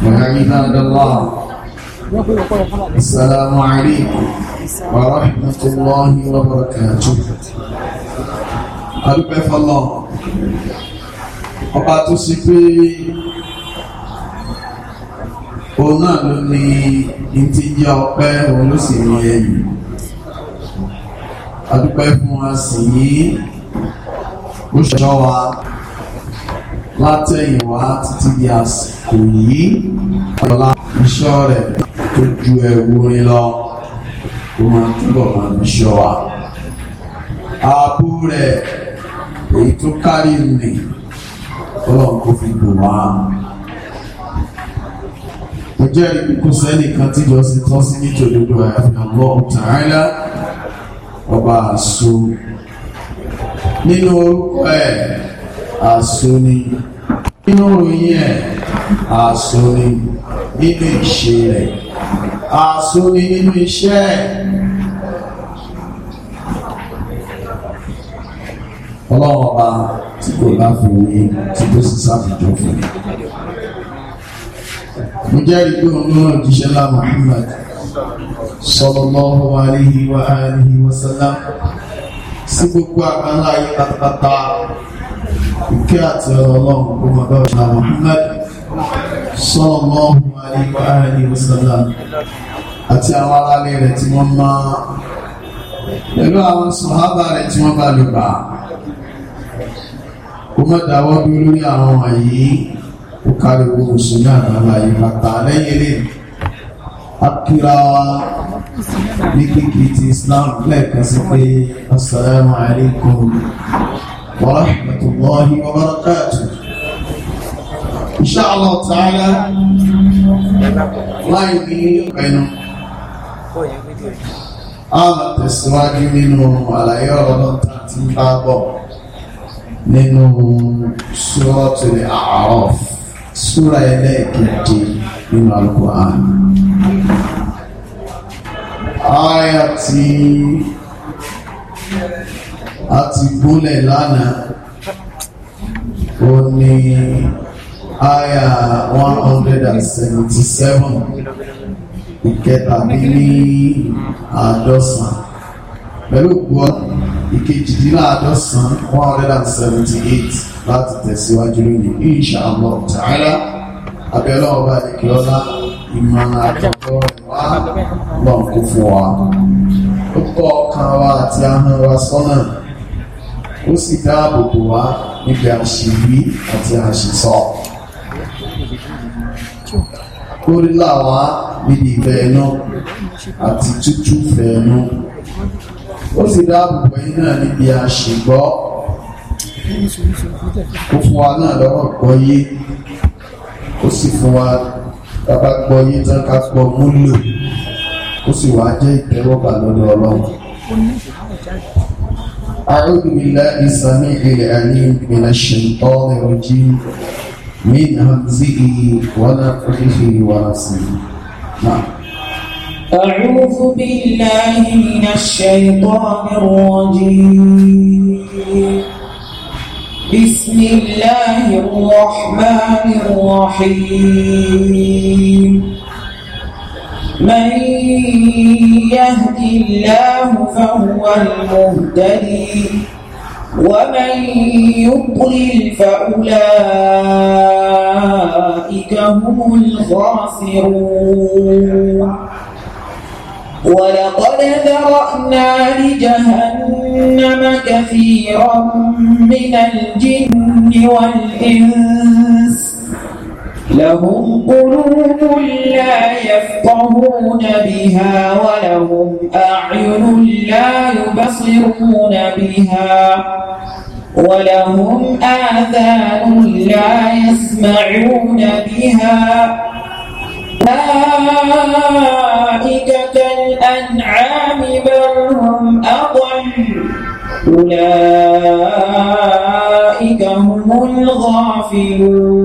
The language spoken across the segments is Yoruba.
فيا عباد الله السلام عليكم ورحمة الله وبركاته adúpẹ́ fọ́lọ́ ọba tó sì pé òun náà ló ní ní ti jẹ́ ọpẹ́ òun ló sì ní ẹ̀yìn adúpẹ́ fún wa sì yí ó ṣọ́ wa látẹ̀yìnwá títí di àsìkò yìí ọlá iṣẹ́ rẹ̀ tó ju ẹ̀wù rin lọ ó máa túbọ̀ máa ń ṣọ́ wa. ààbò rẹ̀ èyí tó kárí nì ọlọ́run kò fi bò wá. mo jẹ́ kò sẹ́nìkan tí jọ sí tọ́ sí nítòdodo àyàfihàn lọ́ọ̀ tààlà ọba àṣọ nínú orúkọ ẹ̀ àṣọ ni nínú ìròyìn ẹ̀ àṣọ ni nínú ìṣe rẹ̀ àṣọ ni nínú iṣẹ́ ẹ̀. ọlọ́run ọba tí kò láfiwé tí tó sì sáfìjọ fún mi. mo jẹ́rìí pé òun náà jíṣẹ́ láwọn Muhammad sallallahu alaihi wa alihi wa sí gbogbo àgbáńlá yìí pátápátá kí àti ọ̀rọ̀ ọlọ́run kó máa bá ọ̀ṣà Muhammad sallallahu alaihi wa alihi wa sallam àti àwọn aráalé rẹ̀ tí wọ́n máa pẹ̀lú àwọn sọ̀hábà rẹ̀ tí wọ́n bá lè bà kó má dáwọ́ bí lórí àwọn wọ̀nyí kó kárí owó mùsùlùmí àgbàlá yìí bàtà lẹ́yìn lè akíra ní kíkì ti Islam lẹ́ẹ̀kan sí pé assalamu alaikum ورحمة الله وبركاته إن شاء الله تعالى لا يبين بينهم a tẹ̀síwájú nínú àlàyé ọ̀rọ̀ náà tí bá bọ̀ nínú Suratul A'raf súra ẹlẹ́ẹ̀kejì nínú Al-Qur'an àyà tí a ti gbólẹ̀ lánàá ó ní àyà 177 ìkẹtàbí ní àádọ́sàn pẹ̀lú ògbọ́ ìkejìdínláàádọ́sàn 178 láti tẹ̀síwájú lónìí inshallah ta'ala abẹ́lọ́ ọba ìkìlọ́lá ìmọ̀ àjọ́gbọ́ ìwá lọ́nkú fún wa ó kọ́ ọkàn wa àti ahọ́n wa sọ́nà ó sì dáàbò bò wá níbi àṣìwí àti àṣìsọ. Lórí làwá níbi ìfẹ́ ẹnu àti tútù fẹ́ ẹnu. Ó sì dáàbò bò yín náà níbi àṣìgbọ́. Ó fún wa náà lọ́rọ̀ gbọ́ yé. Ó sì fún wa bàbá gbọ́ yé tán ká gbọ́ múlò. Ó sì wá jẹ́ ìtẹ́wọ́gbà lọ́dọ̀ Ọlọ́run. أعوذ بالله السميع العليم من الشيطان الرجيم من همزه ونفخه ونفسه نعم أعوذ بالله من الشيطان الرجيم بسم الله الرحمن الرحيم من يهد الله فهو المهتدي ومن يضلل فأولئك هم الخاسرون ولقد ذرأنا لجهنم كثيرا من الجن والإنس لهم قلوب لا يفقهون بها ولهم أعين لا يبصرون بها ولهم آذان لا يسمعون بها أولئك كالأنعام بل هم أضل أولئك هم الغافلون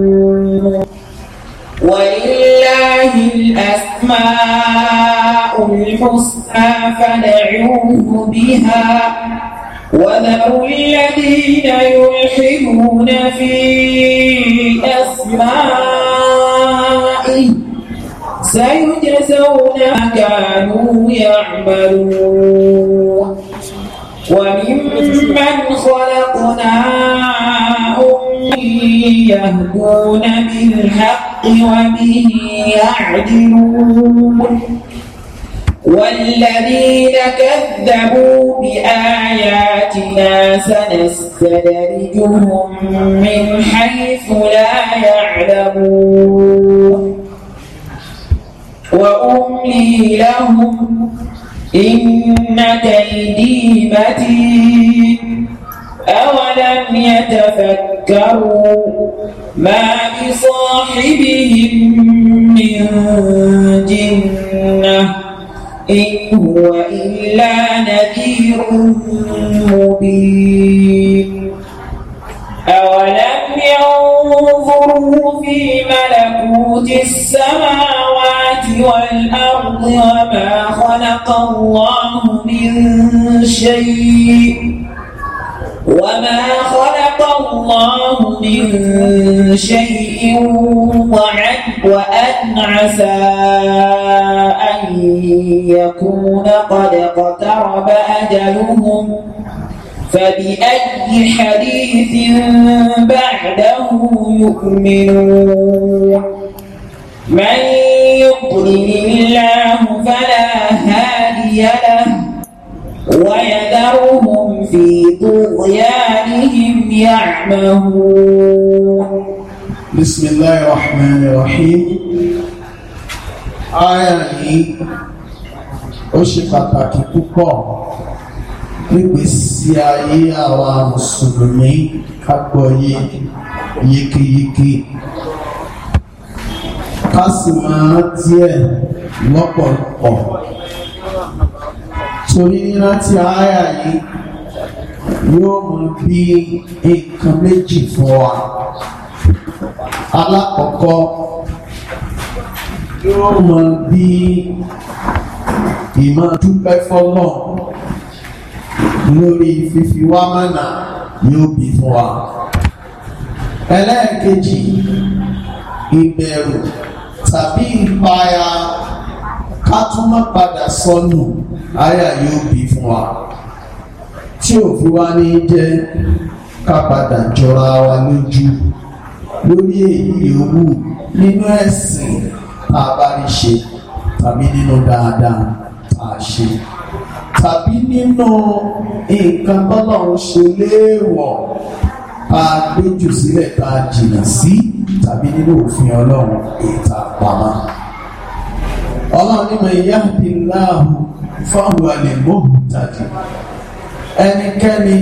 الحسنى فدعوه بها وذروا الذين يلحدون في أسمائه سيجزون ما كانوا يعملون وممن خلقنا يهدون بالحق وبه يعدلون والذين كذبوا بآياتنا سنستدرجهم من حيث لا يعلمون وأملي لهم إن كيدي متين أولم يتفكروا ما بصاحبهم من جنه إن هو إلا نذير مبين أولم ينظروا في ملكوت السماوات والأرض وما خلق الله من شيء وما خلق خلق الله من شيء ضعف وأن عسى أن يكون قد اقترب أجلهم فبأي حديث بعده يؤمنون من يضلل الله فلا هادي له ويذرهم في طغيانهم يعمهون بسم الله الرحمن الرحيم àyá yìí ó ṣe pàtàkì ayé àwa mùsùlùmí kápọ̀ yé yékéyéké ká sì máa díẹ̀ lọ́pọ̀lọpọ̀ torí rántí àyà yìí yóò mú bí nǹkan méjì fún wa alákọ̀ọ́kọ́ yóò mú bí ìmọ̀ dúpẹ́ fọ́lọ́ lórí fífi wá mọ̀nà yóò bí fún wa ẹlẹ́ẹ̀kejì ìbẹ̀rù tàbí ìpayà ká tún má padà sọnù. So àyà yóò bí fún wa tí òfin wa ní jẹ́ ká padà jọra wa lójú lórí èyí owó nínú ẹ̀sìn tá a bá rí ṣe tàbí nínú dáadáa tá a ṣe tàbí nínú nǹkan tọ́lọ́run ṣe léèwọ̀ tá a gbéjù sílẹ̀ tá a jìnnà sí tàbí nínú òfin ọlọ́run èyí ọlọ́run ní mọ̀ ìyá àdìláhùn fáwọn àlèmóhùn tàbí ẹnikẹ́ni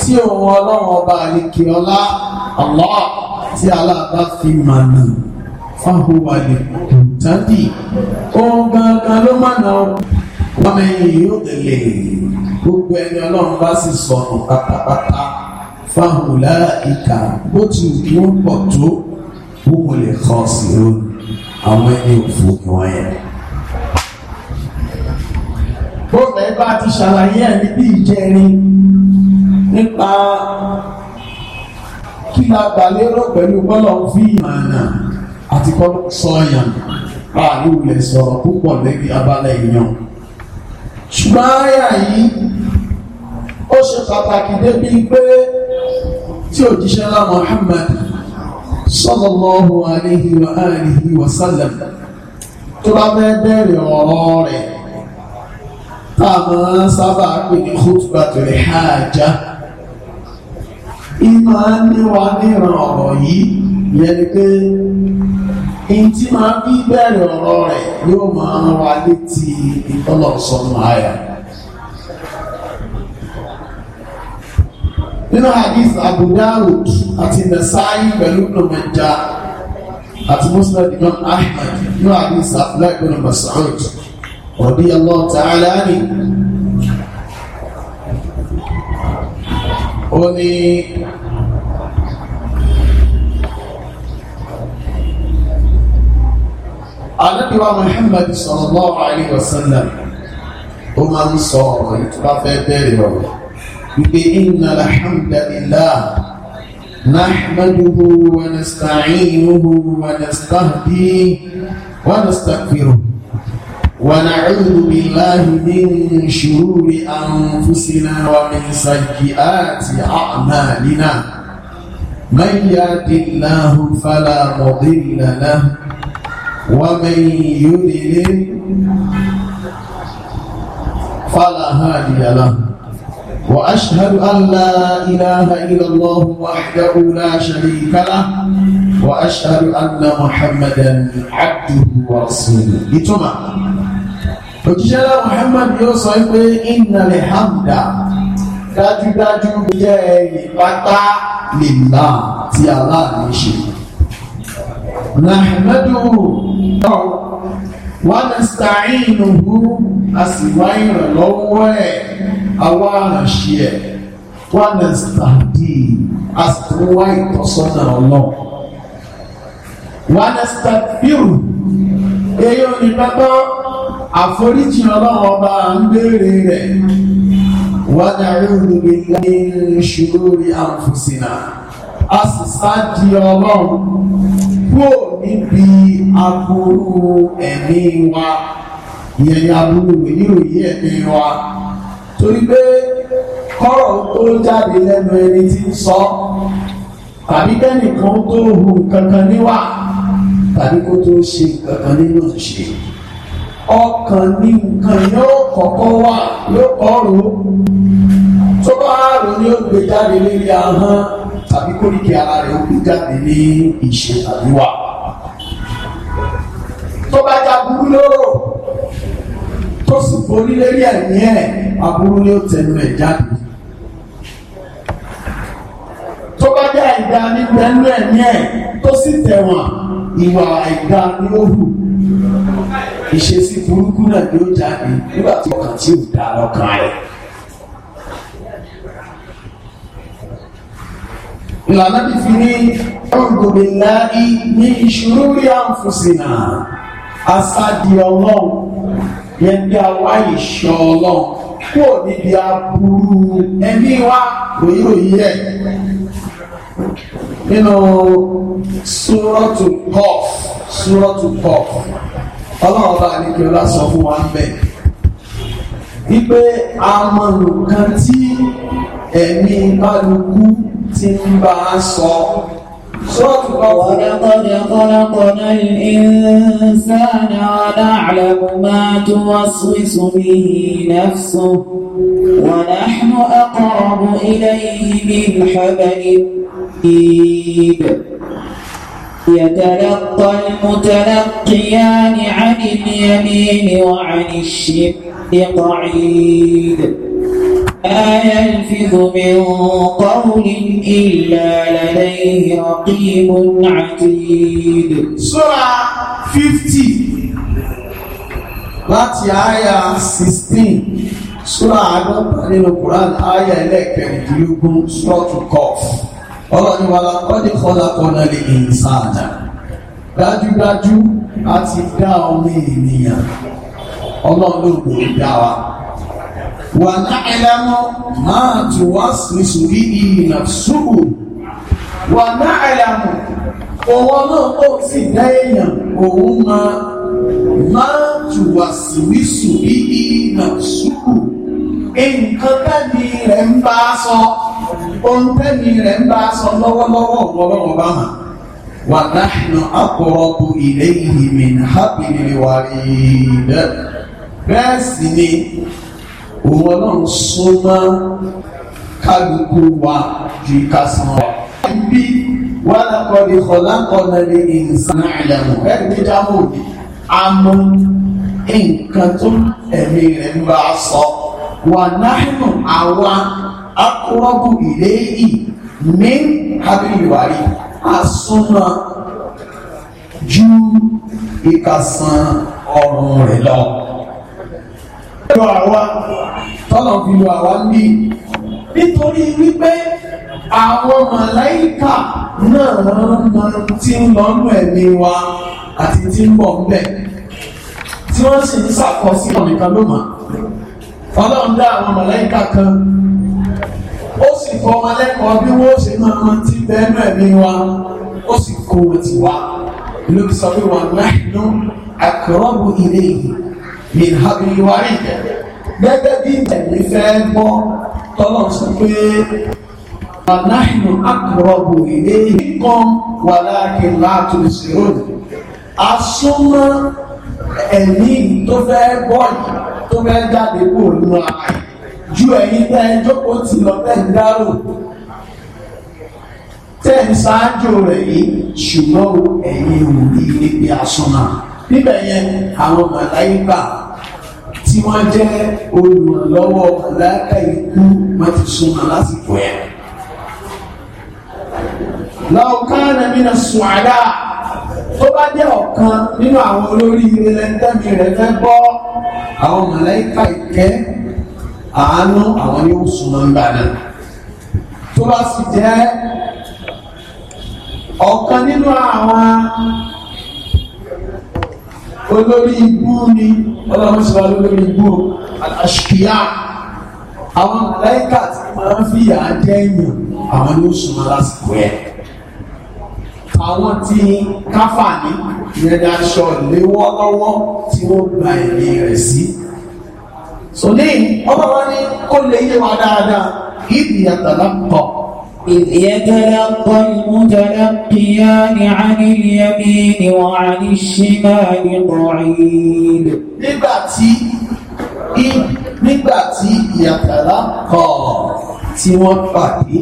tí òun ọlọ́run ọba àlèkè ọlá Allah tí aláàbá fi mànà fáwọn àlèmóhùn tàbí ohun gangan ló mọ̀nà wọ́n mẹ́yìn yóò tẹ̀lé gbogbo ẹni ọlọ́run bá sì sọnù pátápátá fáwọn ìka bó ti wọ́n pọ̀ tó wọ́n lè kọ́ sí i àwọn ẹni òfò ìwọ̀nyẹn bóòlù ẹ bá ti ṣàlàyé ẹ níbi ìjẹrin nípa kí la gbà lérò pẹ̀lú bọ́lọ̀ ń fi ìmọ̀nà àti kọ́lọ́ sọ̀yàn bá a lóòlẹ̀ sọ̀rọ̀ púpọ̀ lẹ́bi abala èèyàn ṣùgbọ́n àyà yìí ó ṣe pàtàkì débi pé tí òjíṣẹ́ lá Muhammad sallallahu alaihi wa alihi wa sallam tó bá fẹ́ bẹ̀rẹ̀ ọ̀rọ̀ rẹ̀ tá a máa sábà pè ní khutbatul haja ìmọ̀ ní wa níran ọ̀rọ̀ yìí yẹn ni pé in tí máa bí bẹ̀rẹ̀ ọ̀rọ̀ rẹ̀ yóò máa ń wa létí ìtọ́lọ̀sọ́nù àyà nínú hadith Abu Dawud àti Nasa'i pẹ̀lú nàmẹjà àti Muslim Imam nínú hadith abdullahi bin Mas'ud رضي الله تعالى عنه وني النبي محمد صلى الله عليه وسلم وما نصار يتبع في بإن الحمد لله نحمده ونستعينه ونستهديه ونستغفره ونعوذ بالله من شرور أنفسنا ومن سيئات أعمالنا من يهد الله فلا مضل له ومن يضلل فلا هادي له وأشهد أن لا إله إلا الله وحده لا شريك له وأشهد أن محمدا عبده ورسوله òjíṣẹ́ náà Muhammad yóò sọ pé ìnàlẹ̀ hamda dájúdájú jẹ́ ìpátá lèlá tí aláàrin ṣe nàìmẹ́dùn náà wà ní sàáìnù hù a sì wá ìrànlọ́wọ́ ẹ̀ àwa àrànṣe ẹ̀ wà ní sàdí a sì tún wá ìtọ́sọ́nà ọlọ́run wà ní sàdírù èyí ò ní àforíjì ọlọ́run ọba ń béèrè rẹ̀ wà dàrí òdòdó ní ṣùgbórí àǹfòsìnà a sì sáàdì ọlọ́run kúò níbi aburú ẹ̀mí wa ìyẹn ni aburú ìròyìn ẹ̀mí wa torí pé kọ́rọ̀ tó jáde lẹ́nu ẹni tí ń sọ tàbí kẹ́nìkan tó hù kankan níwà tàbí kó tó ṣe kankan nínú ṣe ọkàn ní nǹkan yóò kọ́kọ́ wà yóò kọ́ rò ó tó bá rò ní ó gbé jáde lérí ahọ́n tàbí kórìkì ara rẹ̀ ó jáde ní ìṣe tàbí wà tó bá já burú lóró tó sì borí lérí ẹ̀mí ẹ̀ aburú ni ó tẹnu ẹ̀ jáde tó bá já àìdá ní pẹ̀lú ẹ̀mí ẹ̀ tó sì tẹ̀wọ̀n ìwà àìdá ní òhù ìṣesí burúkú náà ni ó jáde nígbà tí ọkàn tí ò dá lọ́kàn rẹ̀. ìlànà bí fi ní ọ̀gbọ̀gbẹ̀ láàrí ní ìṣòro rí àǹfòsìnà asádi ọlọ́run yẹn bí awá ìṣọ́ ọlọ́run o níbi aburú ẹ̀mí wa ròyìnròyìn ẹ̀ nínú súrọ́tù Qaf súrọ́tù Qaf ọlọ́run bá ní kí ọlá sọ fún wa ń bẹ̀ wípé a mọ nǹkan tí ẹ̀mí bálukú ti ń bá a sọ súrọ́tù Qaf ولقد خلقنا الإنسان ونعلم ما توسوس به نفسه ونحن أقرب إليه من حبل حميد يتلقى المتلقيان عن اليمين وعن الشمال قعيد لا يلفظ من قول إلا لديه رقيب عتيد سورة 50 láti آية 16 سورة àádọ́ta nínú Quran àyà ẹlẹ́ẹ̀kẹrìndínlógún sọ́ọ̀tù kọ́ọ̀fù ọlọ́ni wa lakọ́dé kọ́lákọ́nà lè ní sáàdà dájúdájú a ti dá ọmọ ènìyàn ọlọ́lọ́gbò dá wa wà láìlámọ́ máa tó wá sísòrí ìrìnà ṣùgbò wà láìlámọ́ òun náà ó sì dá èèyàn òun máa máa tó wá sísòrí ìrìnà ṣùgbò nǹkan tẹ́mi rẹ̀ ń bá sọ ohun tẹ́mi rẹ̀ ń bá sọ lọ́wọ́lọ́wọ́ ọ̀pọ̀lọ́wọ́ bá mà wà láhìnà àkọ́rọ́bù ilé ìhìnmí hábìlì wà rí dẹ́ bẹ́ẹ̀ sì ni òun ọlọ́run súnmọ́ kálukú wa ju kásán wa. ibi wà lákọ̀ọ́dì kọ̀lákọ̀ọ́nà lè ní ìsànà ìlànà ẹ̀ ní jámù àmọ́ nǹkan tó ẹ̀mí rẹ̀ ń bá sọ wà náhínù àwa akọ́rọ́bù ilé yìí ní hábìlìwárí asúnmọ́ ju ìkàsán ọrùn rẹ̀ lọ. Ẹ̀rọ àwa tọ́nà fi lo àwa ń bí nítorí wípé àwọn màláìkà náà máa ti ń lọ́nú ẹ̀mí wa àti tí ń bọ̀ ń bẹ̀ tí wọ́n sì ń ṣàkọsílẹ̀ nìkan ló mọ̀ ọlọ́run dá àwọn mọ̀lẹ́kà kan ó sì fọ ọmọ lẹ́kọ̀ọ́ bí wọ́n ṣe máa mọ tí bẹ́ẹ̀nù ẹ̀mí wa ó sì kó wọn ti wá ló fi sọ pé wà láìnú àkọ́rọ́bù ilé yìí ní ìhábi ìwárí gẹ́gẹ́ bí ẹ̀mí fẹ́ gbọ́ tọ́lọ̀ sọ pé wà láìnú àkọ́rọ́bù ilé yìí kan wà láàkè látò ìṣirò asúnmọ́ ẹ̀mí tó fẹ́ gbọ́ yìí tó fẹ́ jáde kó nu ara ju ẹ̀yin tẹ́ ẹ jókòó tì lọ tẹ́ ń dárò tẹ́ ń ṣáájú rẹ̀ yìí ṣùgbọ́n ẹ̀yin ò rí níbi asọ́nà níbẹ̀ yẹn àwọn màláyíkà tí wọ́n jẹ́ olùrànlọ́wọ́ màláyíkà ikú wọ́n ti súnmọ́ lásìkò yẹn. lọ́ọ̀ká nàmínà sùn àdá tó bá jẹ́ ọ̀kan nínú àwọn olórí ilé lẹ́ńtẹ́mì rẹ̀ fẹ́ gbọ́ àwọn mọ̀lẹ́kà ìkẹ́ àánú àwọn ni ó súnmọ́ ń bà náà tó bá sì jẹ́ ọ̀kan nínú àwọn olórí ibú ni ọlọ́run sọ olórí ibú àṣìkìyà àwọn mọ̀lẹ́kà tí máa ń fìyà jẹ́ èèyàn àwọn ni ó súnmọ́ lásìkò ẹ̀ àwọn tí káfàní ìyẹn ni aṣọ ìléwọ́ lọ́wọ́ tí wọ́n gba ẹ̀mí rẹ̀ sí. sòní ọba wa ní kó lè yé wa dáadáa ìdí àtàlà pọ̀. إذ يتلقى المتلقيان عن اليمين وعن الشمال قعيد nígbà tí nígbà tí يتلقى tí wọ́n pàdé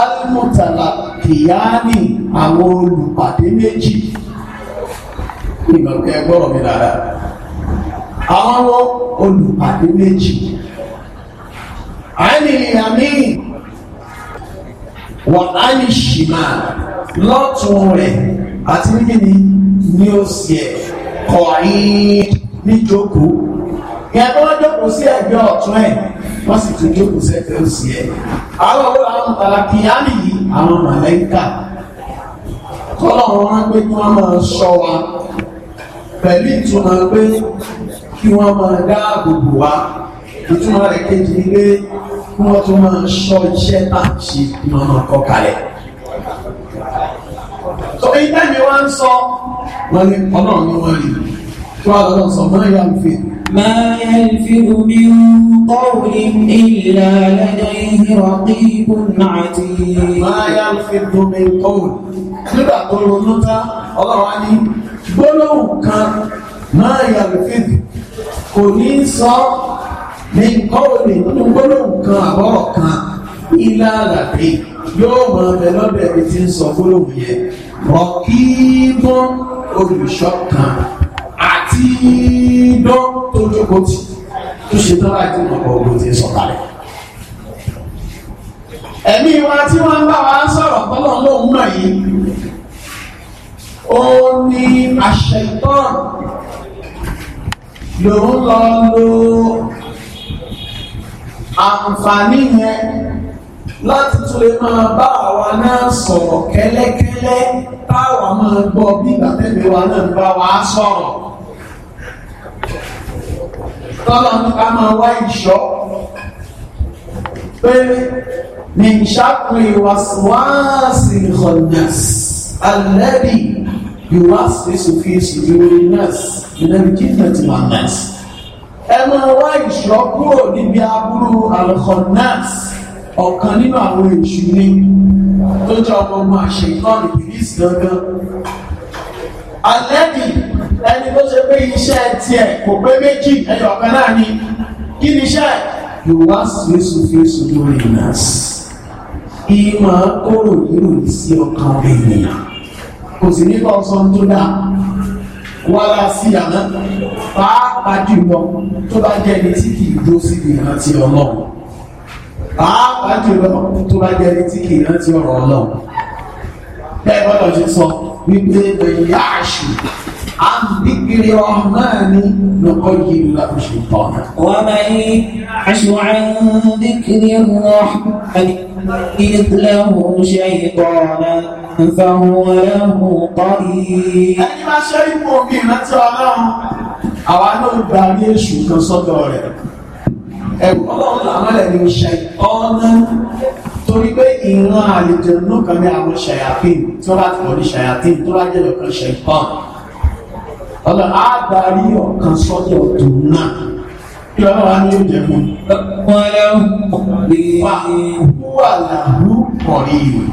alimutala kìyáni àwọn olùpàdé méjì ìgbàgbọ́ ẹgbọ́rọ̀ mi dára àwọn olùpàdé méjì àìníyàmí wà áìṣìmá lọ́tún rẹ̀ àti nígbìní ní òsì ẹ̀ kọ̀ ní jókòó yẹn tó wọ́n jókòó sí ẹ̀gbẹ́ ọ̀tún ẹ̀ wọ́n sì tún jókòó sẹ́gbẹ́ òsì ẹ̀ àwọn owó làwọn mọ̀tàlá kì í yáàmì yìí àwọn màlẹ́kà kọ́lọ̀ wọn wá pé kí wọ́n máa ṣọ́ wa pẹ̀lú ìtumọ̀ pé kí wọ́n máa dáàbò bò wá ìtumọ̀ rẹ̀ kejì ni pé kí wọ́n tún máa ṣọ́ iṣẹ́ tá à ń ṣe kí wọ́n máa kọ́ kalẹ̀ tọ́bí tẹ́mi wá ń sọ wọ́n ní ọlọ́run ni wọ́n rí tí wọ́n lọ́dọ̀ sọ mọ́ ìyá òfin ما يلفظ من قول إلا لديه رقيب عتيد ما يلفظ من قول nígbà tó ronú tá ọlọ́run á ní gbólóhùn kan máa yàlùfíìdì kò ní sọ ní kọ́ọ̀lì nínú gbólóhùn kan àbọ̀rọ̀ kan ilá àlàbí yóò mọ ọbẹ lọ́dọ̀ ẹni tí ń sọ gbólóhùn yẹn rọ̀kì mọ́ olùṣọ́ kan dídán tó jókòó tì tó ṣe tán láti mọ̀ ọ̀gbọ̀n tí ń sọ kalẹ̀ ẹ̀mí wa tí wọ́n ń bá wa sọ̀rọ̀ tọ́lọ̀ lóun mọ̀ yìí ó ní àṣẹ ìtọ́rọ̀ lòun lọ lo àǹfààní yẹn láti tún lè máa bá àwa náà sọ̀rọ̀ kẹ́lẹ́kẹ́lẹ́ táwa máa gbọ́ bí ìgbà tẹ́lẹ̀ wa náà bá wa sọ̀rọ̀ tọ́lá ká máa wá ìṣọ́ pé ní ìṣàkùn ìwàsíwáàsì ìkọ̀nàsì alẹ́bí ìwàsí sòfin ìṣòro nọ́ọ̀sì ìlẹ́bí kìtìmẹ̀tì wà nọ́ọ̀sì ẹ máa wá ìṣọ́ kúrò níbi aburú alẹ́kọ̀nàsì ọ̀kan nínú àwọn èṣù ní tó jẹ́ ọmọ ọmọ àṣẹ ìkọ́ni ìbílísì gangan alẹ́bí ẹni tó ṣe pé iṣẹ́ tiẹ̀ kò pé méjì ẹyọ kan náà ni kí ni iṣẹ́ ìwà fèsùfèsù lórí ìnáàsì ìmọ̀ kóró ìròyìn sí ọkàn ènìyàn kò sì ní kọ́ sọ tó dáa wàhálà sí àná pàápàá jùlọ tó bá jẹ́ ẹni tí kì í dó síbi ìrántí ọlọ́run pàápàá jùlọ tó bá jẹ́ ẹni tí kì í rántí ọ̀rọ̀ ọlọ́run bẹ́ẹ̀ bọ́lá ṣe sọ wípé ẹ̀yà àṣù عن ذكر الرحمن نقيم له شيطانا ومن يعش عن ذكر الرحمن نقيض له شيطانا فهو له قريب ẹni máa ṣe ipò mi ìrántí ọlọ́run àwa náà gbà ní èṣù kan sọ́dọ̀ rẹ̀ torí pé ìran àlejò náà kan ní àwọn ṣàyàfín tó bá ti pọ̀ ní ṣàyàfín tó bá jẹ́ lọ́kàn ṣe ìpọ́n ọ̀nà àgbárí ọ̀kan sọ́jà ọ̀tún náà kí ọlọ́run á ní oúnjẹ fún un. wà láhú kọ̀rí rẹ̀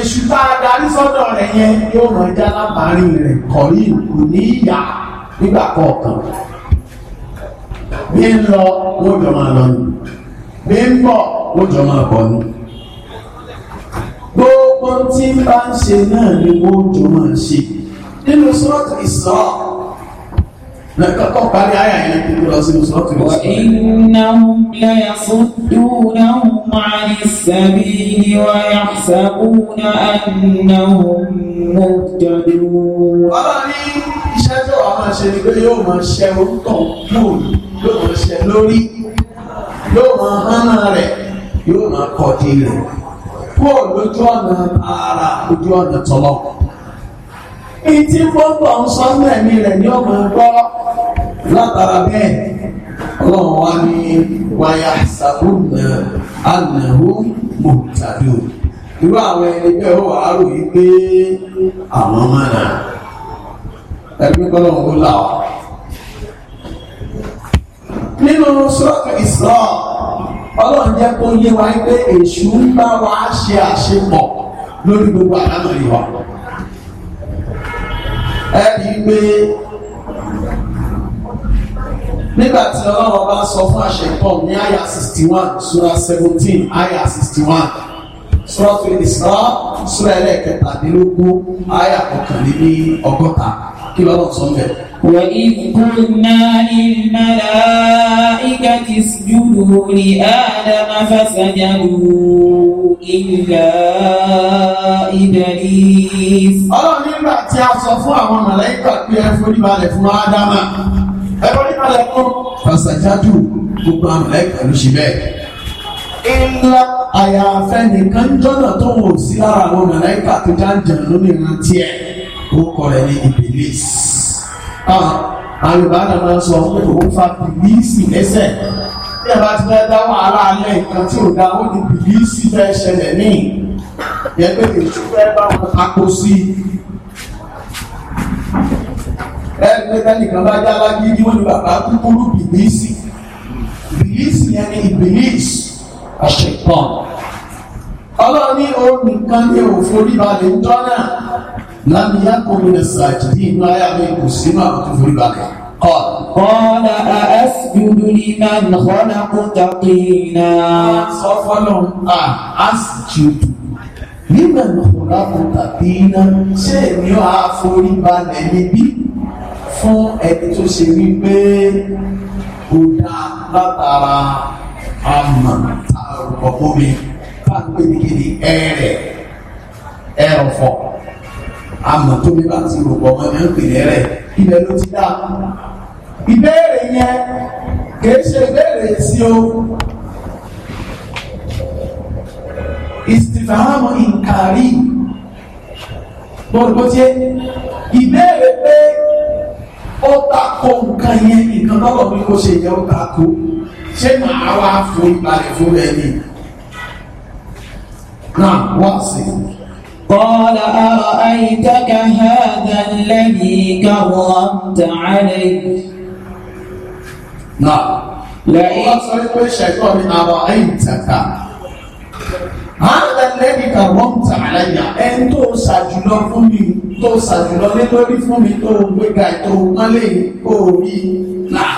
èṣù tá a darí sọ́dọ̀ rẹ̀ yẹn yóò mọ̀ já lábàárí rẹ̀ kọ̀rí kò ní ìyá nígbà kọ̀ọ̀kan bí ń lọ wọ́n máa lọ ni bí ń bọ̀ wọ́n máa bọ̀ ni gbogbo tí ń bá ń ṣe náà ni wọ́n jọ máa ṣe nínú sọ́ọ̀tù ìsọ́ lẹ́kọ̀ọ́kọ́ parí ayà yẹn kí lọ sínú sọ́ọ̀tù ìsọ́. وإنهم ليصدونهم عن السبيل ويحسبون أنهم مهتدون. ọlọ́ni iṣẹ́ tó wàá máa ṣe ni pé yóò máa ṣe orúkọ lóòrùn yóò máa ṣe lórí yóò máa hánà rẹ̀ yóò máa kọ́ di rẹ̀ kó lójú ọ̀nà tààrà lójú ọ̀nà tọ́lọ́kọ̀ ìtí gbogbo ọ̀sánlẹ̀ mi rẹ̀ ní ọmọ gbọ́ látara bẹ́ẹ̀ ọlọ́run wá ní wáyà sàbùnà ànàwó mọ̀tàdó irú àwọn ẹni bẹ́ẹ̀ ó wàá rò yí pé àwọn mọ̀nà ẹgbẹ́ kọ́lọ́run ló là ọ́ nínú sọ́ọ̀tù ìsọ́ ọlọ́run jẹ́ kó yé wa pé èṣù ń bá wa ṣe àṣepọ̀ lórí gbogbo àlámọ̀ yìí ẹ rí i pé nígbà tí ọlọ́run bá sọ fún àṣetán ní àyà sixty one sura seventeen àyà sixty one sura tó lè sọ sura ẹlẹ́ẹ̀kẹtàdínlógún àyà kọkànlélọ́gọ́ta kí lọ́lọ́run sọ ń bẹ̀rẹ̀. وإذ قلنا للملائكة اسجدوا لآدم فسجدوا إلا إبليس ọlọ́run nígbà tí a sọ fún àwọn màláìkà pé ẹ forí balẹ̀ fún ádámà ẹ forí balẹ̀ fún fàṣàjádù gbogbo àwọn màláìkà ló ṣe bẹ́ẹ̀. ńlá àyàfẹ́ nìkan jọ́nà tó wò sí lára Ah, àwọn Yorùbá náà máa ń sọ pé òun fa bìlíìsì lẹ́sẹ̀ tí ẹ bá ti fẹ́ dá wàhálà alẹ́ nǹkan tí ò dá ó ní bìlíìsì fẹ́ ṣẹlẹ̀ ní ìyẹn pé kì í tún fẹ́ bá wọn tako sí i. ẹ pé tẹ́nìkan bá dá lágídí wọn ni bàbá kúkúrú bìlíìsì bìlíìsì yẹn ni ìbìlíìsì àṣepọ̀ ọlọ́ọ̀ni òun nìkan ni òfin oníbalẹ̀ ń tọ́ náà láàmì yàkùnrin rẹ̀ sàjìdì inú ayá mi kù sínú àwọn tó forí balẹ̀. Kọ́lá àásìdúdú ní máa ń kọ́lá kó tàbí iná. Sọ fọ́nà à àásìdúdú nígbà kọ́lá kó tàbí iná. Ṣé èmi á forí balẹ̀ níbí fún ẹni tó ṣe wípé kò dáa látara àmà àrùn ọ̀pọ̀ mi bá pé ní kiri ẹ̀rẹ̀ ẹ̀rọ̀fọ̀ àmọ́ tó bí bá ti rò pọ̀ mọ́ ní ìpìlẹ̀ rẹ̀ ibẹ̀ ló ti dá ìbéèrè yẹn kìí ṣe ìbéèrè sí o ìsìtìfàhámù ìkàrí bọ́ọ̀lù bó ti ìbéèrè pé ó tako nǹkan yẹn nǹkan tọ́lọ̀ bí kò ṣe yẹ ó tako ṣé màá wá fún ìbalẹ̀ fún ẹni náà wá sí i. قال أرأيتك هذا الذي كرمت عليه نعم لئن أرأيتك هذا الذي كرمت علي ẹni tó ṣàjùlọ fún mi tó ṣàjùlọ lé lórí fún mi tó gbéga tó pọ́nlé òbí náà.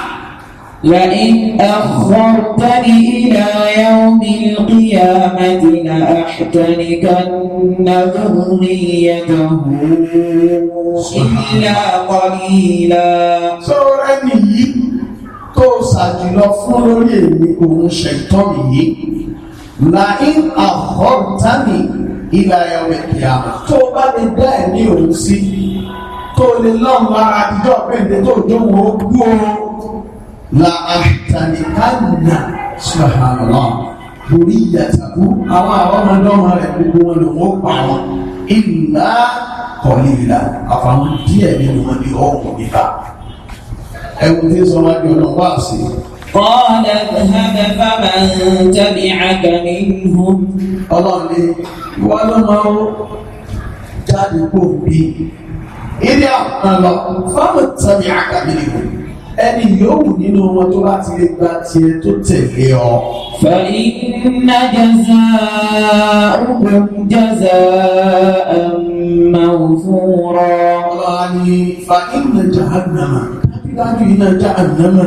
لئن أخرتني إلى يوم القيامة لأحتنكن ذريته إلا قليلا sọ́ra nìyí tó ṣàjùlọ fún lórí èmi òun ṣètọ́ nìyí la'in أخرتني إلى يوم القيامة tó bá lè dá ẹ̀mí òun sí tó lè lọ́mọ àtijọ́ pèndé tó jókòó gbúòó la àtàlẹ́kànnà ṣàhàlọ́ torí ìyàtàkù àwọn àwọn ọmọdọ́mọ rẹ̀ gbogbo wọn ló ń pa wọn ìlà kọ̀lìlà àfàwọn díẹ̀ nínú wọn ní ọ̀hún nípa ẹ̀wù tí sọ́mọ́ jọ lọ wá sí i. قال اذهب فمن تبعك منهم ọlọ́run ni wọ́n ló máa ń jáde kó bí ilé àwọn kan fáwọn tẹ̀lé àkàbí nìkan ẹni yòówù nínú wọn tó bá ti lè gba tiẹ̀ tó tẹ̀lé ọ. fẹ̀yìnà jẹ́sà ọ̀gbọ̀n jẹ́sà ẹ̀mọ̀ fún rọ. ọ̀làní fàyínà jahannama dájú iná jahannama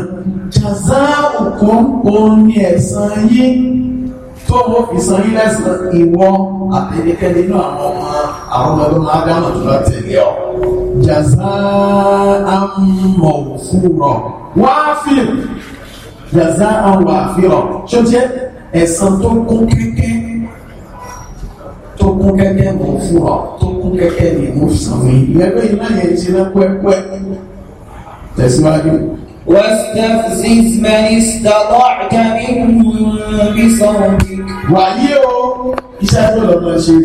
jàzá òkun òun ni ẹ̀san tó wọ́n fi san yín lẹ́san ìwọ àtẹnikẹ́ni nínú àwọn ọmọ àwọn ọmọ máa dáná tó bá tẹ̀lé ọ jaza'an mawfura wáfíì jaza'an wáfíì ṣó jẹ́ ẹ̀san tó kún kẹ́kẹ́ tó kún kẹ́kẹ́ mawfura tó kún kẹ́kẹ́ ní mú sàmì ìyẹ́gbẹ́ iná yẹn ti rẹ́ pẹ́pẹ́ tẹ̀síwájú. واستفزز من استطعت منهم بصوتك. وعليه o iṣẹ́ tó lọ́nà ṣe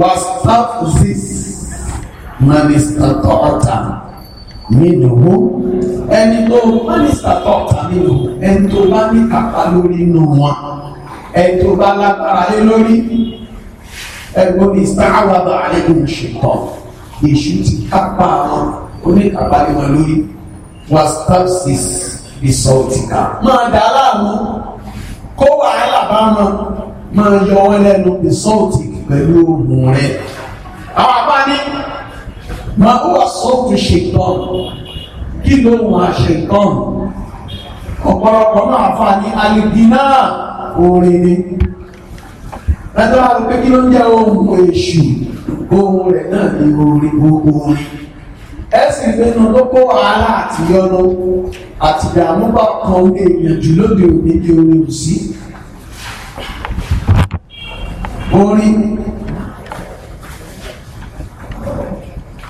واستفزز mínísítà tọ́ọ̀tà nínú ẹni tó mínísítà tọ́ọ̀tà nínú ẹni tó bá ní kápá lórí inú wọn ẹni tó bá lágbára lé lórí ẹgbọ́n ní sáwàbà àlejò ìṣèkọ́ èṣù ti kápá wọn oníkápá lé wọn lórí wastapsis ìsọ̀tìkà máa dà á láàmú kó wàhálà bá wọn máa yọ wọn lẹ́nu ìsọ̀tìkì pẹ̀lú òògùn rẹ̀ àwọn àbá ní máa ó wà sọ́ọ̀tù ṣètọ́n kí ló wọ́n á ṣètọ́n ọ̀pọ̀lọpọ̀ náà fà ní alìdí náà òrèrè ẹjọ́ àwọn pé kí ló ń jẹ́ ohun èṣù ohun rẹ̀ náà ní orí gbogbo orí ẹ̀sìn ìgbẹ́nu ló kó wàhálà àti àti ìdààmú bá kan lè yànjú lóde òní bí orin òsì orin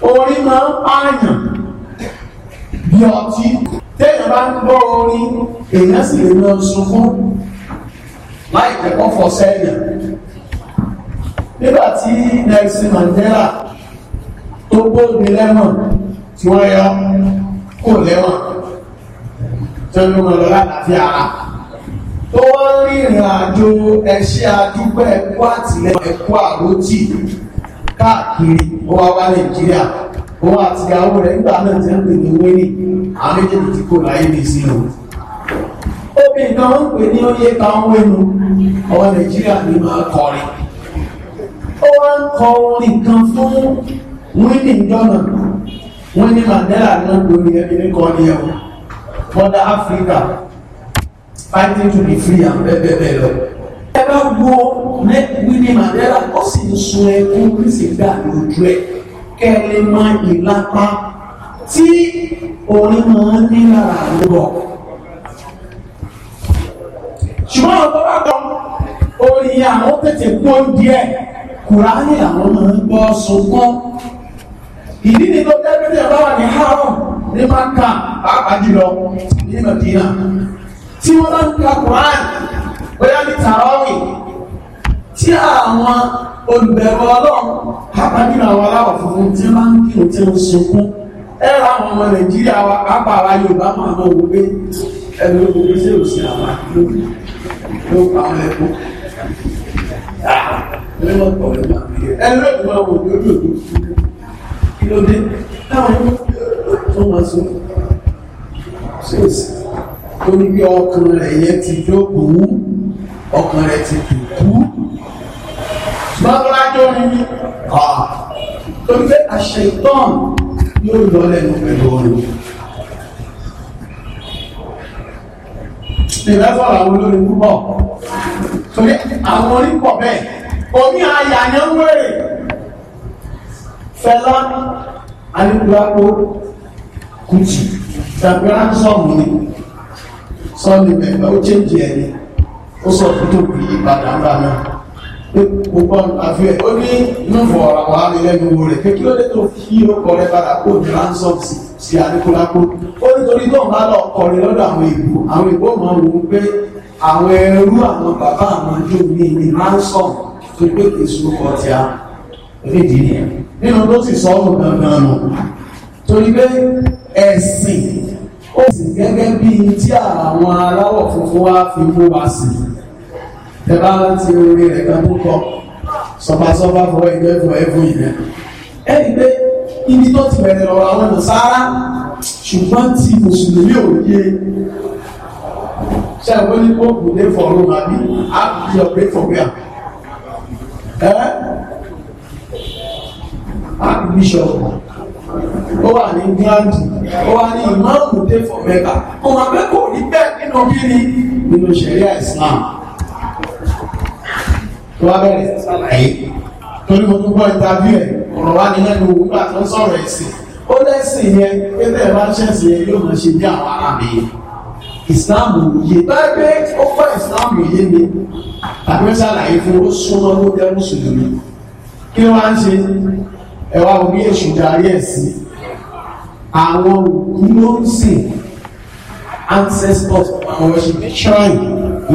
orin máa ń pààyàn bí ọtí téèyàn bá ń gbọ́ orin èèyàn sì lè lọ sunkún láì kẹ́kọ̀ọ́ fọ sẹ́yìn nígbà tí Nelson Mandela tó gbóògbé lẹ́wọ̀n tí wọ́n yọ kò lẹ́wọ̀n tẹ́lú ọ̀rọ̀ láti ara tó wá ń rìnrìn àjò ẹ̀ṣẹ́ adúgbò ẹ̀kọ́ àtìlẹ́yìn ẹ̀kọ́ àròtì káàkiri ó wá wá nàìjíríà òun àti ìyàwó rẹ̀ nígbà náà ti ń pè ní wẹ́nì àwọn méjèèjì tí kò láyé ní sí o obìnrin kan ń pè ní oyè kan wẹ́nu ọmọ nàìjíríà ni máa kọrin ó wá ń kọ orin kan fún wẹ́nì jọ̀nà wọ́n Mandela náà lórí ẹni kan ní ẹ̀wọ̀n mother Africa fighting to be free and bẹ́ẹ̀ bẹ́ẹ̀ lọ ẹ bá gbọ́ ọ̀rẹ́ wíní Mandela ó sì ń sun ẹkún kìsìgbà lójú ẹ kẹ́lẹ́ máa ìlápá tí orin máa ń ní lára àlọ́ ṣùgbọ́n ọ̀tọ́ bá kọ́ orin àwọn tètè pọ́n díẹ̀ kùránì àwọn máa ń gbọ́ sunkún ìdí ni tó jẹ́ pé ọba wà ní haram ní maka pàápàá jùlọ ní Madina tí wọ́n bá ń ka kùránì bóyá ní tàrọ́ọ̀mì tí àwọn olùbẹ̀rù ọlọ́run pápájú àwọn aláwọ̀ funfun tí máa ń kírun tí ń sunkún ẹ̀rọ àwọn ọmọ nàìjíríà wa pápá wa yorùbá máa náà wò pé ẹ̀rọ òkú sí òsì àwọn àdúgbò ló pa àwọn ẹ̀kọ́ ẹ̀rọ òkú máa wò lórí òdò kí ló dé táwọn tó máa sọ sí òsì tó ní bí ọkàn rẹ̀ yẹn ti dókòwú ọkàn rẹ̀ ti dùn kú ṣùgbọ́n tó bá jó ní ní ọ̀ tó ń gbé àṣẹ ìtàn yóò lọ lẹ́nu pẹ̀lú ọ̀rọ̀. Ìrẹ́ sọ̀rọ̀ àwọn olórin púpọ̀. Torí àwọn orin pọ̀ bẹ́ẹ̀. Omi àyà ni ó ń wèrè. Fẹlá Alikulapo Kùtì tàbí ránsọ̀mù ni. Sọ́ọ̀lì bẹ̀rẹ̀ ó chéjì ẹni. Ó sọ fún tòkì ìbàdàn bá náà gbogbo àfihàn ó ní inú fọ̀ọ̀rọ̀ àwọn arìnrìn wo rẹ̀ pé kí ló dé tó fi ọkọ̀ rẹ̀ padà kó ní ransom sí sí adékọ́lápó ó nítorí tó ń bá lọ kọrin lọ́dọ̀ àwọn ìbò àwọn ìbò mọ̀ wò ó pé àwọn ẹrú àwọn bàbá àwọn tó ní ní ransom tó gbé èso ọkọ̀ tí a rédí nìyẹn nínú tó sì sọ ọ́nù gangan nù torí pé ẹ̀sìn ó sì gẹ́gẹ́ bíi tí àwọn aláwọ̀ funfun wá fi mú wa sí ẹ bá láti orin rẹ̀ kan tó kọ sọpasọpa fọwọ́ ẹgbẹ́ fọwọ́ ẹ̀fọ́ yìí rẹ̀ ẹni pé ibi tó ti bẹ̀rẹ̀ lọ́wọ́ àwọn ọ̀sára ṣùgbọ́n tí mùsùlùmí ò yé ṣe àwọn ní pọ́ọ̀pù lé fọ̀rọ̀ àbí àbí ọ̀pẹ́ fọ̀wẹ́ ẹ̀ àbí bíṣọ̀pù ó wà ní England ó wà ní ìmọ̀ọ̀kù lé fọ̀wẹ́ kà kò wà pé kò ní bẹ́ẹ̀ nínú bí ni nínú ṣẹ̀ríà Islam tó wá bẹ̀rẹ̀ ṣàlàyé torí mo tún gbọ́ ìtàbí ẹ̀ ọ̀rọ̀ wá ní lẹ́nu nígbà tó ń sọ̀rọ̀ ẹ̀sìn ó lẹ́sìn yẹn pé bẹ́ẹ̀ bá ṣẹ̀sìn yẹn yóò máa ṣe bí àwọn àmì ìsìláàmù yìí báyìí ó kọ́ ìsìláàmù yìí ni tàbí ṣàlàyé fún ó súnmọ́ ló jẹ́ mùsùlùmí kí ló máa ń ṣe ẹ̀wà omi èṣù darí ẹ̀ sí àwọn òkú ló ń sìn ancestors àwọn ṣe shrine